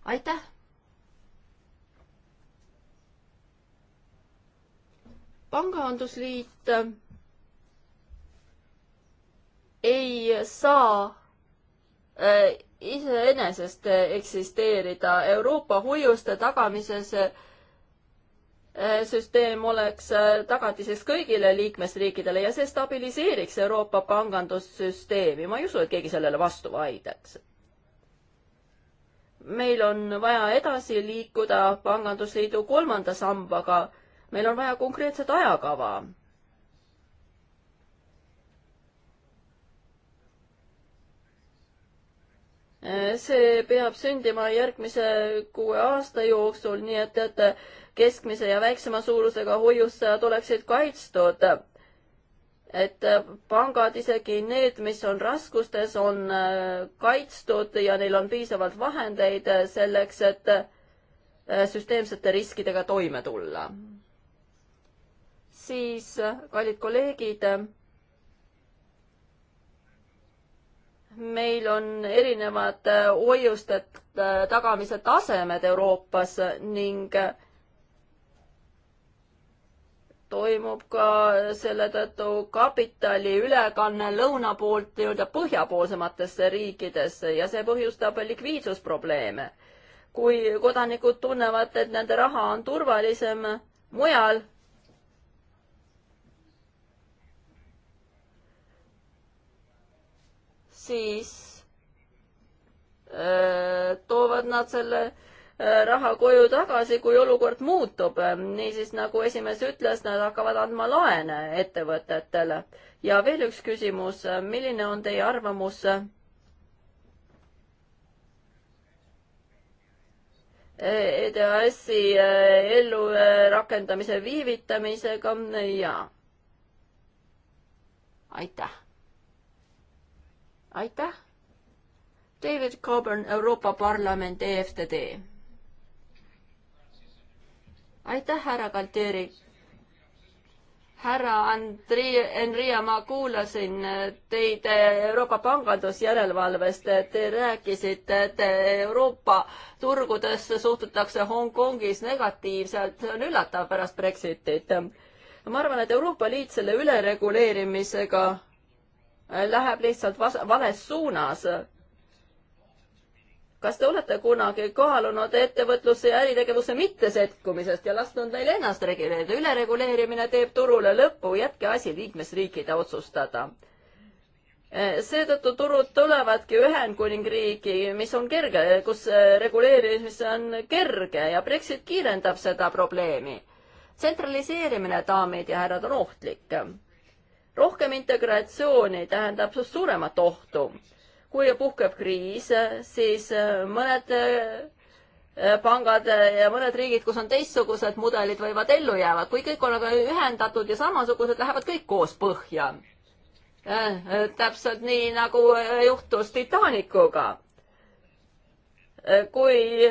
aitäh! pangandusliit ei saa äh, iseenesest eksisteerida. Euroopa hoiuste tagamises äh, süsteem oleks äh, tagatiseks kõigile liikmesriikidele ja see stabiliseeriks Euroopa pangandussüsteemi. ma ei usu, et keegi sellele vastu vaidleks. meil on vaja edasi liikuda pangandusliidu kolmanda sambaga. meil on vaja konkreetset ajakava see peab sündima järgmise kuue aasta jooksul, nii et, et keskmise ja väiksema suurusega hoiustajad oleksid kaitstud. et pangad, isegi need, mis on raskustes, on äh, kaitstud ja neil on piisavalt vahendeid selleks, et äh, süsteemsete riskidega toime tulla. siis, kallid kolleegid meil on erinevad äh, hoiuste äh, tagamise tasemed Euroopas ning äh, toimub ka selle tõttu kapitali ülekanne lõuna poolt nii-öelda põhjapoolsematesse riikidesse ja see põhjustab likviidsusprobleeme. kui kodanikud tunnevad, et nende raha on turvalisem mujal, siis äh, toovad nad selle äh, raha koju tagasi, kui olukord muutub. niisiis, nagu esimees ütles, nad hakkavad andma laene ettevõtetele. ja veel üks küsimus, milline on teie arvamus äh, EDAS-i ellurakendamise viivitamisega ja aitäh aitäh. David Coburn, Euroopa Parlament, EFTD. aitäh, härra Kalteeri. härra Andri-, Enria, ma kuulasin teid Euroopa pangandusjärelevalvest. Te rääkisite, et Euroopa turgudesse suhtutakse Hongkongis negatiivselt. see on üllatav pärast Brexitit. ma arvan, et Euroopa Liit selle ülereguleerimisega läheb lihtsalt vales suunas. kas te olete kunagi kaalunud ettevõtluse ja äritegevuse mittesekkumisest ja lasknud neil ennast reguleerida? ülereguleerimine teeb turule lõpu, jätke asi liikmesriikide otsustada seetõttu turud tulevadki Ühendkuningriigi, mis on kerge, kus reguleerimis on kerge ja Brexit kiirendab seda probleemi. tsentraliseerimine, daamid ja härrad, on ohtlik rohkem integratsiooni tähendab suuremat ohtu. kui puhkeb kriis, siis äh, mõned äh, pangad ja mõned riigid, kus on teistsugused mudelid, võivad ellu jääda, kui kõik on aga ühendatud ja samasugused, lähevad kõik koos põhja. Äh, täpselt nii, nagu juhtus Titanicuga. kui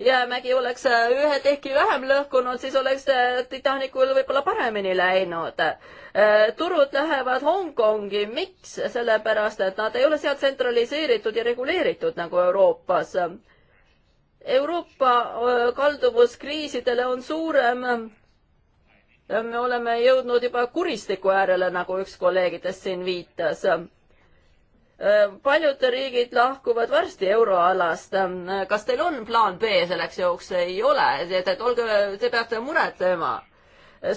jäämägi oleks äh, ühe teki vähem lõhkunud, siis oleks äh, Titanicul võib-olla paremini läinud. Äh, turud lähevad Hongkongi, miks? sellepärast, et nad ei ole seal tsentraliseeritud ja reguleeritud nagu Euroopas. Euroopa kalduvus kriisidele on suurem. me oleme jõudnud juba kuristiku äärele, nagu üks kolleegidest siin viitas paljud riigid lahkuvad varsti euroalast. kas teil on plaan B selleks jooks? ei ole, et, et olge, te peate muret teema.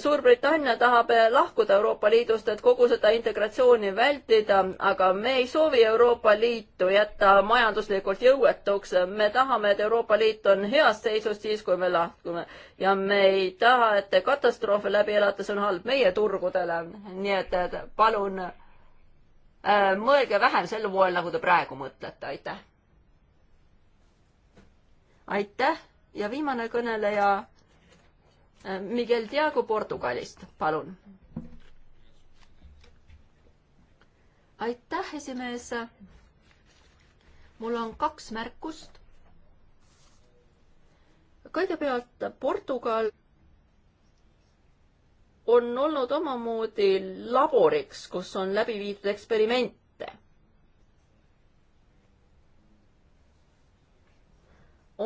Suurbritannia tahab lahkuda Euroopa Liidust, et kogu seda integratsiooni vältida, aga me ei soovi Euroopa Liitu jätta majanduslikult jõuetuks. me tahame, et Euroopa Liit on heas seisus siis, kui me lahkume ja me ei taha, et katastroofe läbi elates on halb meie turgudele. nii et, et palun Äh, mõelge vähem sel moel, nagu te praegu mõtlete, aitäh. aitäh ja viimane kõneleja, äh, Miguel Diago Portugalist, palun. aitäh, esimees. mul on kaks märkust. kõigepealt Portugal on olnud omamoodi laboriks, kus on läbi viidud eksperimente.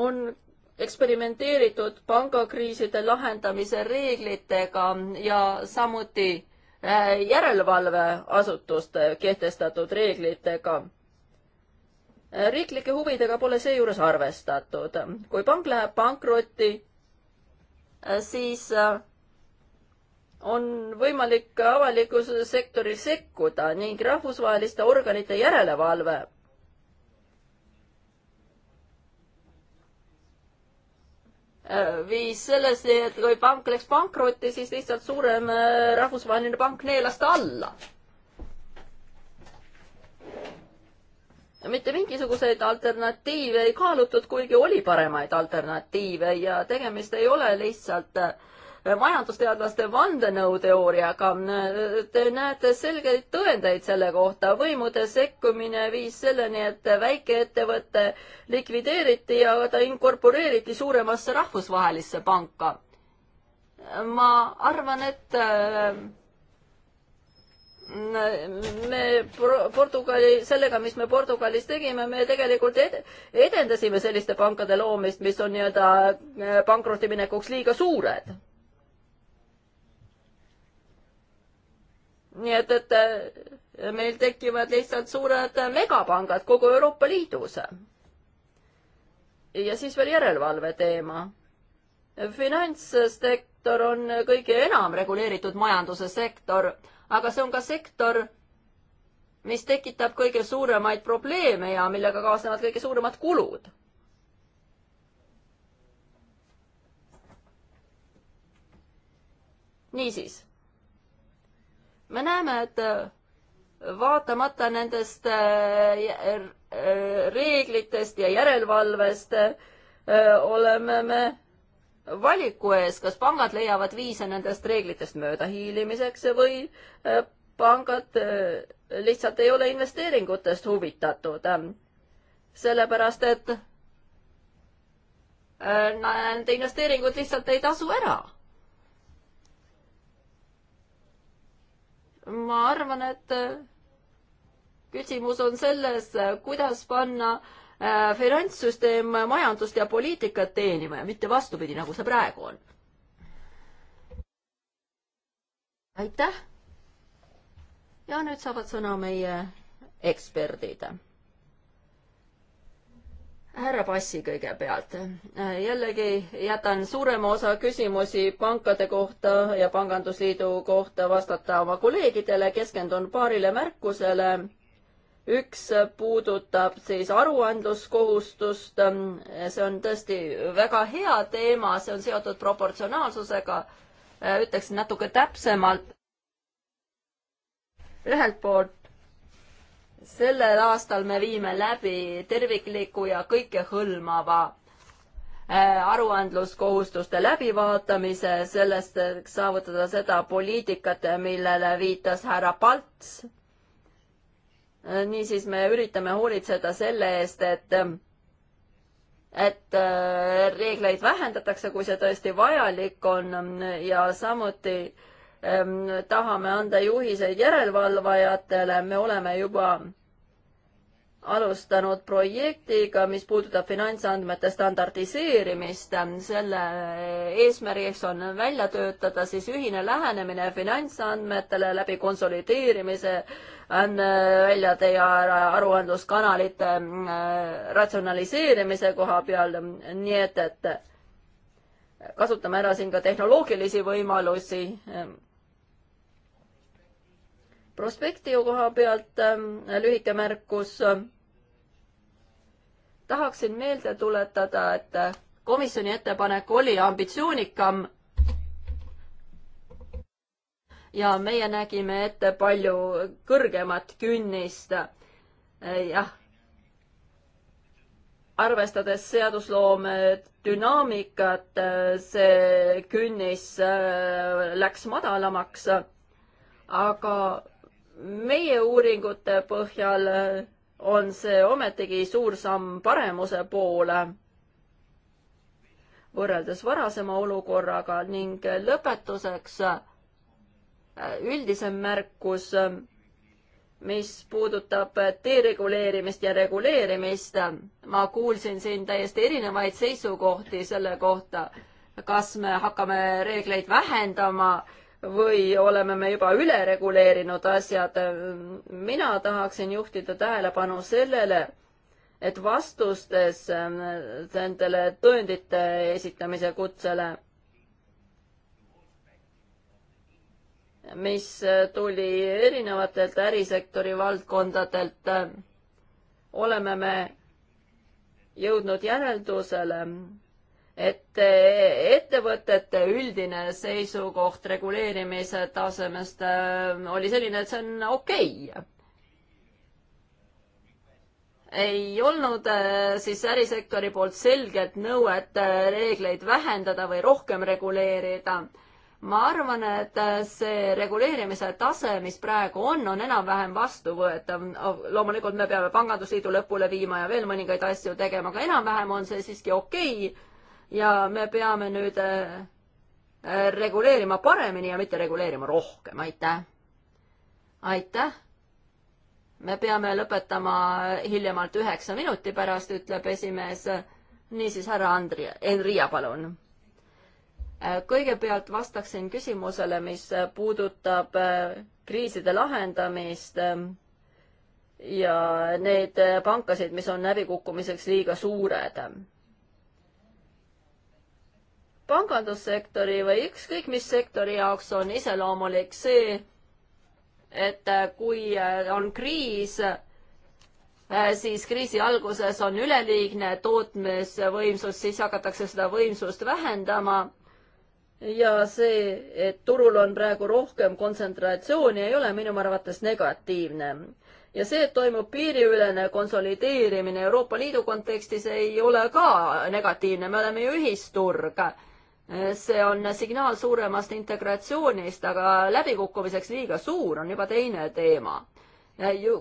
on eksperimenteeritud pangakriiside lahendamise reeglitega ja samuti äh, järelevalveasutuste kehtestatud reeglitega äh, riiklike huvidega pole seejuures arvestatud. kui pank läheb pankrotti, äh, siis on võimalik avalikus sektoris sekkuda ning rahvusvaheliste organite järelevalve viis sellesse, et kui pank läks pankrotti, siis lihtsalt suurem äh, rahvusvaheline pank neelas ta alla. mitte mingisuguseid alternatiive ei kaalutud, kuigi oli paremaid alternatiive ja tegemist ei ole lihtsalt äh, majandusteadlaste vandenõuteooriaga. Äh, te näete selgeid tõendeid selle kohta. võimude sekkumine viis selleni, et väikeettevõte likvideeriti ja ta inkorporeeriti suuremasse rahvusvahelisse panka. ma arvan, et äh, me Portugali, sellega, mis me Portugalis tegime, me tegelikult ed edendasime selliste pankade loomist, mis on nii-öelda äh, pankrotiminekuks liiga suured. nii et, et äh, meil tekivad lihtsalt suured äh, megapangad kogu Euroopa Liidus. ja siis veel järelevalve teema. finantssektor on kõige enam reguleeritud majanduse sektor, aga see on ka sektor, mis tekitab kõige suuremaid probleeme ja millega kaasnevad kõige suuremad kulud niisiis, me näeme, et äh, vaatamata nendest äh, äh, reeglitest ja järelevalvest oleme me valiku ees, kas pangad leiavad viise nendest reeglitest möödahiilimiseks või pangad lihtsalt ei ole investeeringutest huvitatud. sellepärast, et nende investeeringud lihtsalt ei tasu ära ma arvan, et äh, küsimus on selles, äh, kuidas panna äh, finantssüsteem majandust ja poliitikat teenima ja mitte vastupidi, nagu see praegu on. aitäh. ja nüüd saavad sõna meie eksperdid härra Passi kõigepealt. jällegi jätan suurema osa küsimusi pankade kohta ja Pangandusliidu kohta vastata oma kolleegidele, keskendun paarile märkusele. üks puudutab siis aruandluskohustust, see on tõesti väga hea teema, see on seotud proportsionaalsusega, ütleksin natuke täpsemalt. ühelt poolt sellel aastal me viime läbi tervikliku ja kõikehõlmava äh, aruandluskohustuste läbivaatamise, sellest äh, saavutada seda poliitikat, millele viitas härra Palts. Äh, niisiis me üritame hoolitseda selle eest, et et reegleid vähendatakse, kui see tõesti vajalik on ja samuti ähm, tahame anda juhiseid järelevalvajatele, me oleme juba alustanud projektiga, mis puudutab finantsandmete standardiseerimist. selle eesmärgiks on välja töötada siis ühine lähenemine finantsandmetele läbi konsolideerimise, väljade ja aruandluskanalite mm, ratsionaliseerimise koha peal, nii et, et kasutame ära siin ka tehnoloogilisi võimalusi prospekti koha pealt ähm, lühike märkus. tahaksin meelde tuletada, et äh, komisjoni ettepanek oli ambitsioonikam ja meie nägime ette palju kõrgemat künnist. Äh, jah, arvestades seadusloome dünaamikat, äh, see künnis läks madalamaks, aga meie uuringute põhjal on see ometigi suur samm paremuse poole võrreldes varasema olukorraga ning lõpetuseks äh, üldisem märkus, mis puudutab dereguleerimist ja reguleerimist. ma kuulsin siin täiesti erinevaid seisukohti selle kohta, kas me hakkame reegleid vähendama või oleme me juba üle reguleerinud asjad. mina tahaksin juhtida tähelepanu sellele, et vastustes ähm, nendele tõendite esitamise kutsele, mis tuli erinevatelt ärisektori valdkondadelt, äh, oleme me jõudnud järeldusele, et eh, ettevõtete üldine seisukoht reguleerimise tasemest eh, oli selline, et see on okei okay.. ei olnud eh, siis ärisektori poolt selget nõuet reegleid vähendada või rohkem reguleerida. ma arvan, et see reguleerimise tase, mis praegu on, on enam-vähem vastuvõetav. loomulikult me peame pangandusliidu lõpule viima ja veel mõningaid asju tegema, aga enam-vähem on see siiski okei okay ja me peame nüüd äh, äh, reguleerima paremini ja mitte reguleerima rohkem, aitäh. aitäh. me peame lõpetama hiljemalt üheksa minuti pärast, ütleb esimees. niisiis, härra Andri-, Enria, palun. Äh, kõigepealt vastaksin küsimusele, mis puudutab kriiside lahendamist ähm, ja neid pankasid, mis on läbikukkumiseks liiga suured pangandussektori või ükskõik mis sektori jaoks on iseloomulik see, et äh, kui äh, on kriis, äh, siis kriisi alguses on üleliigne tootmisvõimsus, siis hakatakse seda võimsust vähendama. ja see, et turul on praegu rohkem kontsentratsiooni, ei ole minu arvates negatiivne. ja see, et toimub piiriülene konsolideerimine Euroopa Liidu kontekstis, ei ole ka negatiivne, me oleme ju ühisturg see on signaal suuremast integratsioonist, aga läbikukkumiseks liiga suur on juba teine teema.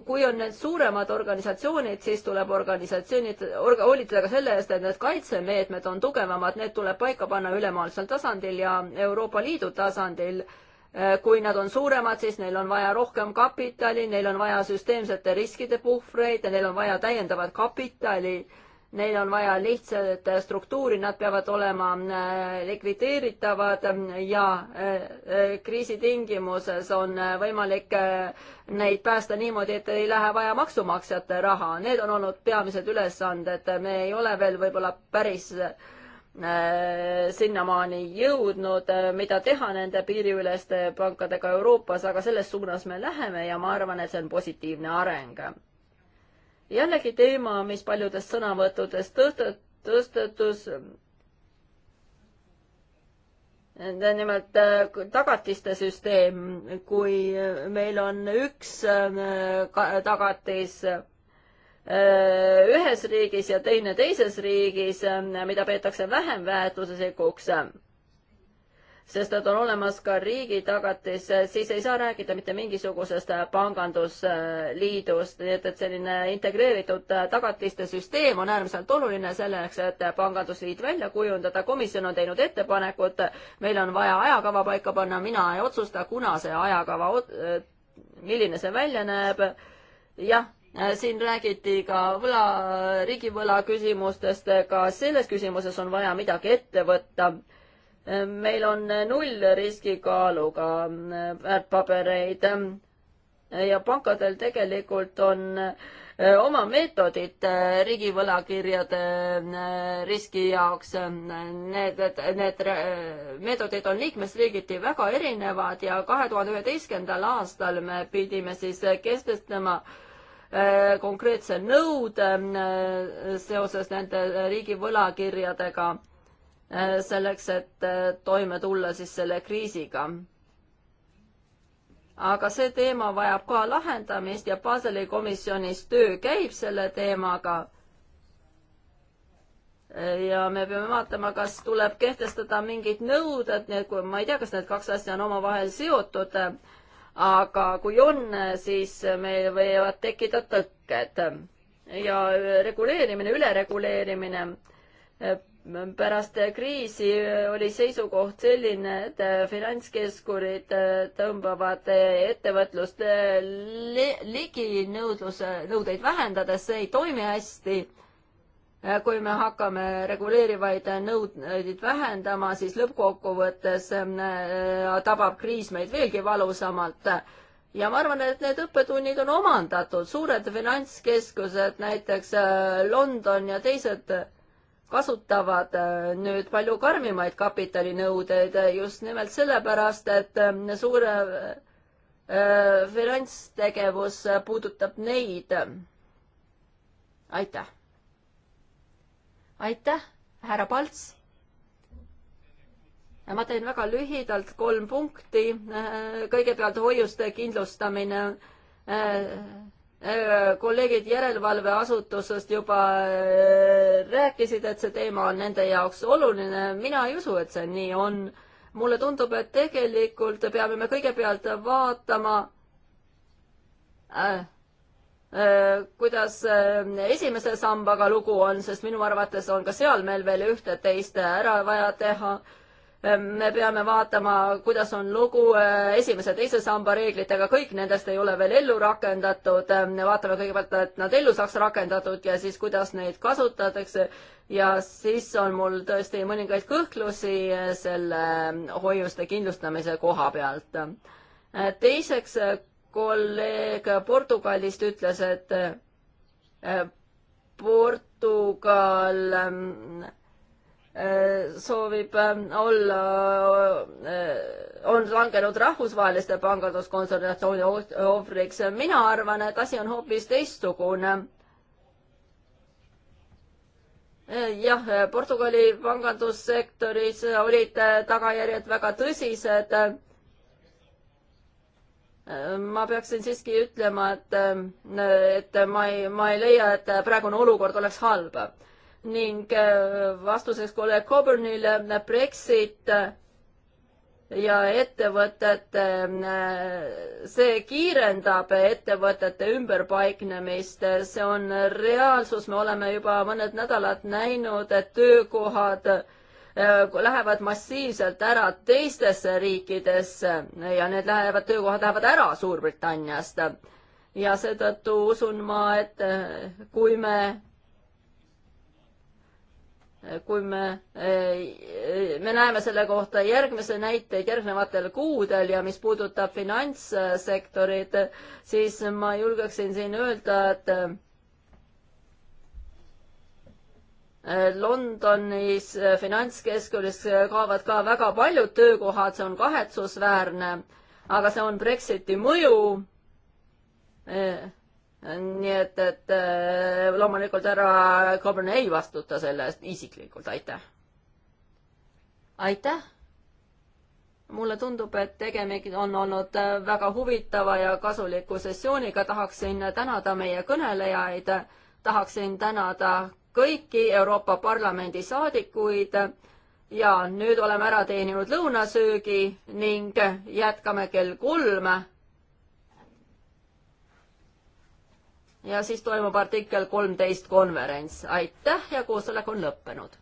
kui on need suuremad organisatsioonid, siis tuleb organisatsioonid orga, hoolitseda ka selle eest, et need kaitsemeetmed on tugevamad, need tuleb paika panna ülemaailmsel tasandil ja Euroopa Liidu tasandil äh, kui nad on suuremad, siis neil on vaja rohkem kapitali, neil on vaja süsteemsete riskide puhvreid ja neil on vaja täiendavat kapitali äh, neil on vaja lihtsat struktuuri, nad peavad olema äh, likvideeritavad ja äh, äh, kriisi tingimuses on võimalik neid päästa niimoodi, et ei lähe vaja maksumaksjate raha. Need on olnud peamised ülesanded, me ei ole veel võib-olla päris sinnamaani jõudnud, mida teha nende piiriüleste pankadega Euroopas, aga selles suunas me läheme ja ma arvan, et see on positiivne areng jällegi teema, mis paljudest sõnavõttudest tõstet-, tõstetus. Äh, nimelt äh, tagatiste süsteem, kui meil on üks äh, tagatis ühes riigis ja teine teises riigis, mida peetakse vähem väärtuslikuks sest et on olemas ka riigitagatis, siis ei saa rääkida mitte mingisugusest pangandusliidust, nii et, et selline integreeritud tagatiste süsteem on äärmiselt oluline selleks, et pangandusliit välja kujundada. komisjon on teinud ettepanekud, meil on vaja ajakava paika panna, mina ei otsusta, kuna see ajakava, milline see välja näeb. jah siin räägiti ka võla, riigivõla küsimustest, ka selles küsimuses on vaja midagi ette võtta meil on null riskikaaluga äh, väärtpabereid äh, ja pankadel tegelikult on äh, oma meetodid riigivõlakirjade riski jaoks. Need, need meetodid on liikmesriigiti väga erinevad ja kahe tuhande üheteistkümnendal aastal me pidime siis kehtestama konkreetse nõude seoses nende riigi võlakirjadega Äh, selleks, et äh, toime tulla siis selle kriisiga. aga see teema vajab ka lahendamist ja Baseli komisjonis töö käib selle teemaga äh, ja me peame vaatama, kas tuleb kehtestada mingid nõuded, nii et kui ma ei tea, kas need kaks asja on omavahel seotud, aga kui on, siis meil võivad tekkida tõkked ja reguleerimine, ülereguleerimine pärast kriisi oli seisukoht selline, et finantskeskurid tõmbavad ettevõtlust ligi nõudluse, nõudeid vähendades, see ei toimi hästi. kui me hakkame reguleerivaid nõudeid vähendama, siis lõppkokkuvõttes äh, tabab kriis meid veelgi valusamalt ja ma arvan, et need õppetunnid on omandatud, suured finantskeskused, näiteks äh, London ja teised kasutavad äh, nüüd palju karmimaid kapitalinõudeid äh, just nimelt sellepärast, et äh, suure finantstegevus puudutab neid. aitäh. aitäh, härra Palts. ma teen väga lühidalt kolm punkti. kõigepealt hoiuste kindlustamine Äh, kolleegid järelevalveasutusest juba äh, rääkisid, et see teema on nende jaoks oluline, mina ei usu, et see nii on. mulle tundub, et tegelikult peame me kõigepealt vaatama äh, äh, kuidas äh, esimese sambaga lugu on, sest minu arvates on ka seal meil veel ühte-teist ära vaja teha äh, Ehm, me peame vaatama, kuidas on lugu eh, esimese, teise samba reeglitega, kõik nendest ei ole veel ellu rakendatud. Ehm, vaatame kõigepealt, et nad ellu saaks rakendatud ja siis, kuidas neid kasutatakse. ja siis on mul tõesti mõningaid kõhklusi eh, selle ehm, hoiuste kindlustamise koha pealt. Eh, teiseks, kolleeg Portugalist ütles, et Portugal Äh, soovib ähm, olla, äh, on langenud rahvusvaheliste panganduskonsultatsiooni ohvriks. mina arvan, et asi on hoopis teistsugune. Äh, jah, Portugali pangandussektoris olid tagajärjed väga tõsised. ma peaksin siiski ütlema, et, et ma ei, ma ei leia, et praegune olukord oleks halb ning äh, vastuseks kolleeg Coburnile äh, Brexit äh, ja ettevõtete, see kiirendab ettevõtete ümberpaiknemist, see on reaalsus, me oleme juba mõned nädalad näinud, et töökohad lähevad massiivselt ära teistesse riikidesse ja need lähevad, töökohad lähevad ära Suurbritanniast. ja seetõttu usun ma, et kui me kui me, eh, me näeme selle kohta järgmise näiteid järgnevatel kuudel ja mis puudutab finantssektorit, siis ma julgeksin siin öelda, et eh, Londonis finantskeskuses kaovad ka väga paljud töökohad, see on kahetsusväärne, aga see on Brexiti mõju eh, nii et, et äh, loomulikult härra Coburn ei vastuta selle eest isiklikult, aitäh. aitäh. mulle tundub, et tegemist on olnud äh, väga huvitava ja kasuliku sessiooniga, tahaksin tänada meie kõnelejaid, tahaksin tänada kõiki Euroopa Parlamendi saadikuid ja nüüd oleme ära teeninud lõunasöögi ning jätkame kell kolm ja siis toimub artikkel kolmteist konverents. aitäh ja koosolek on lõppenud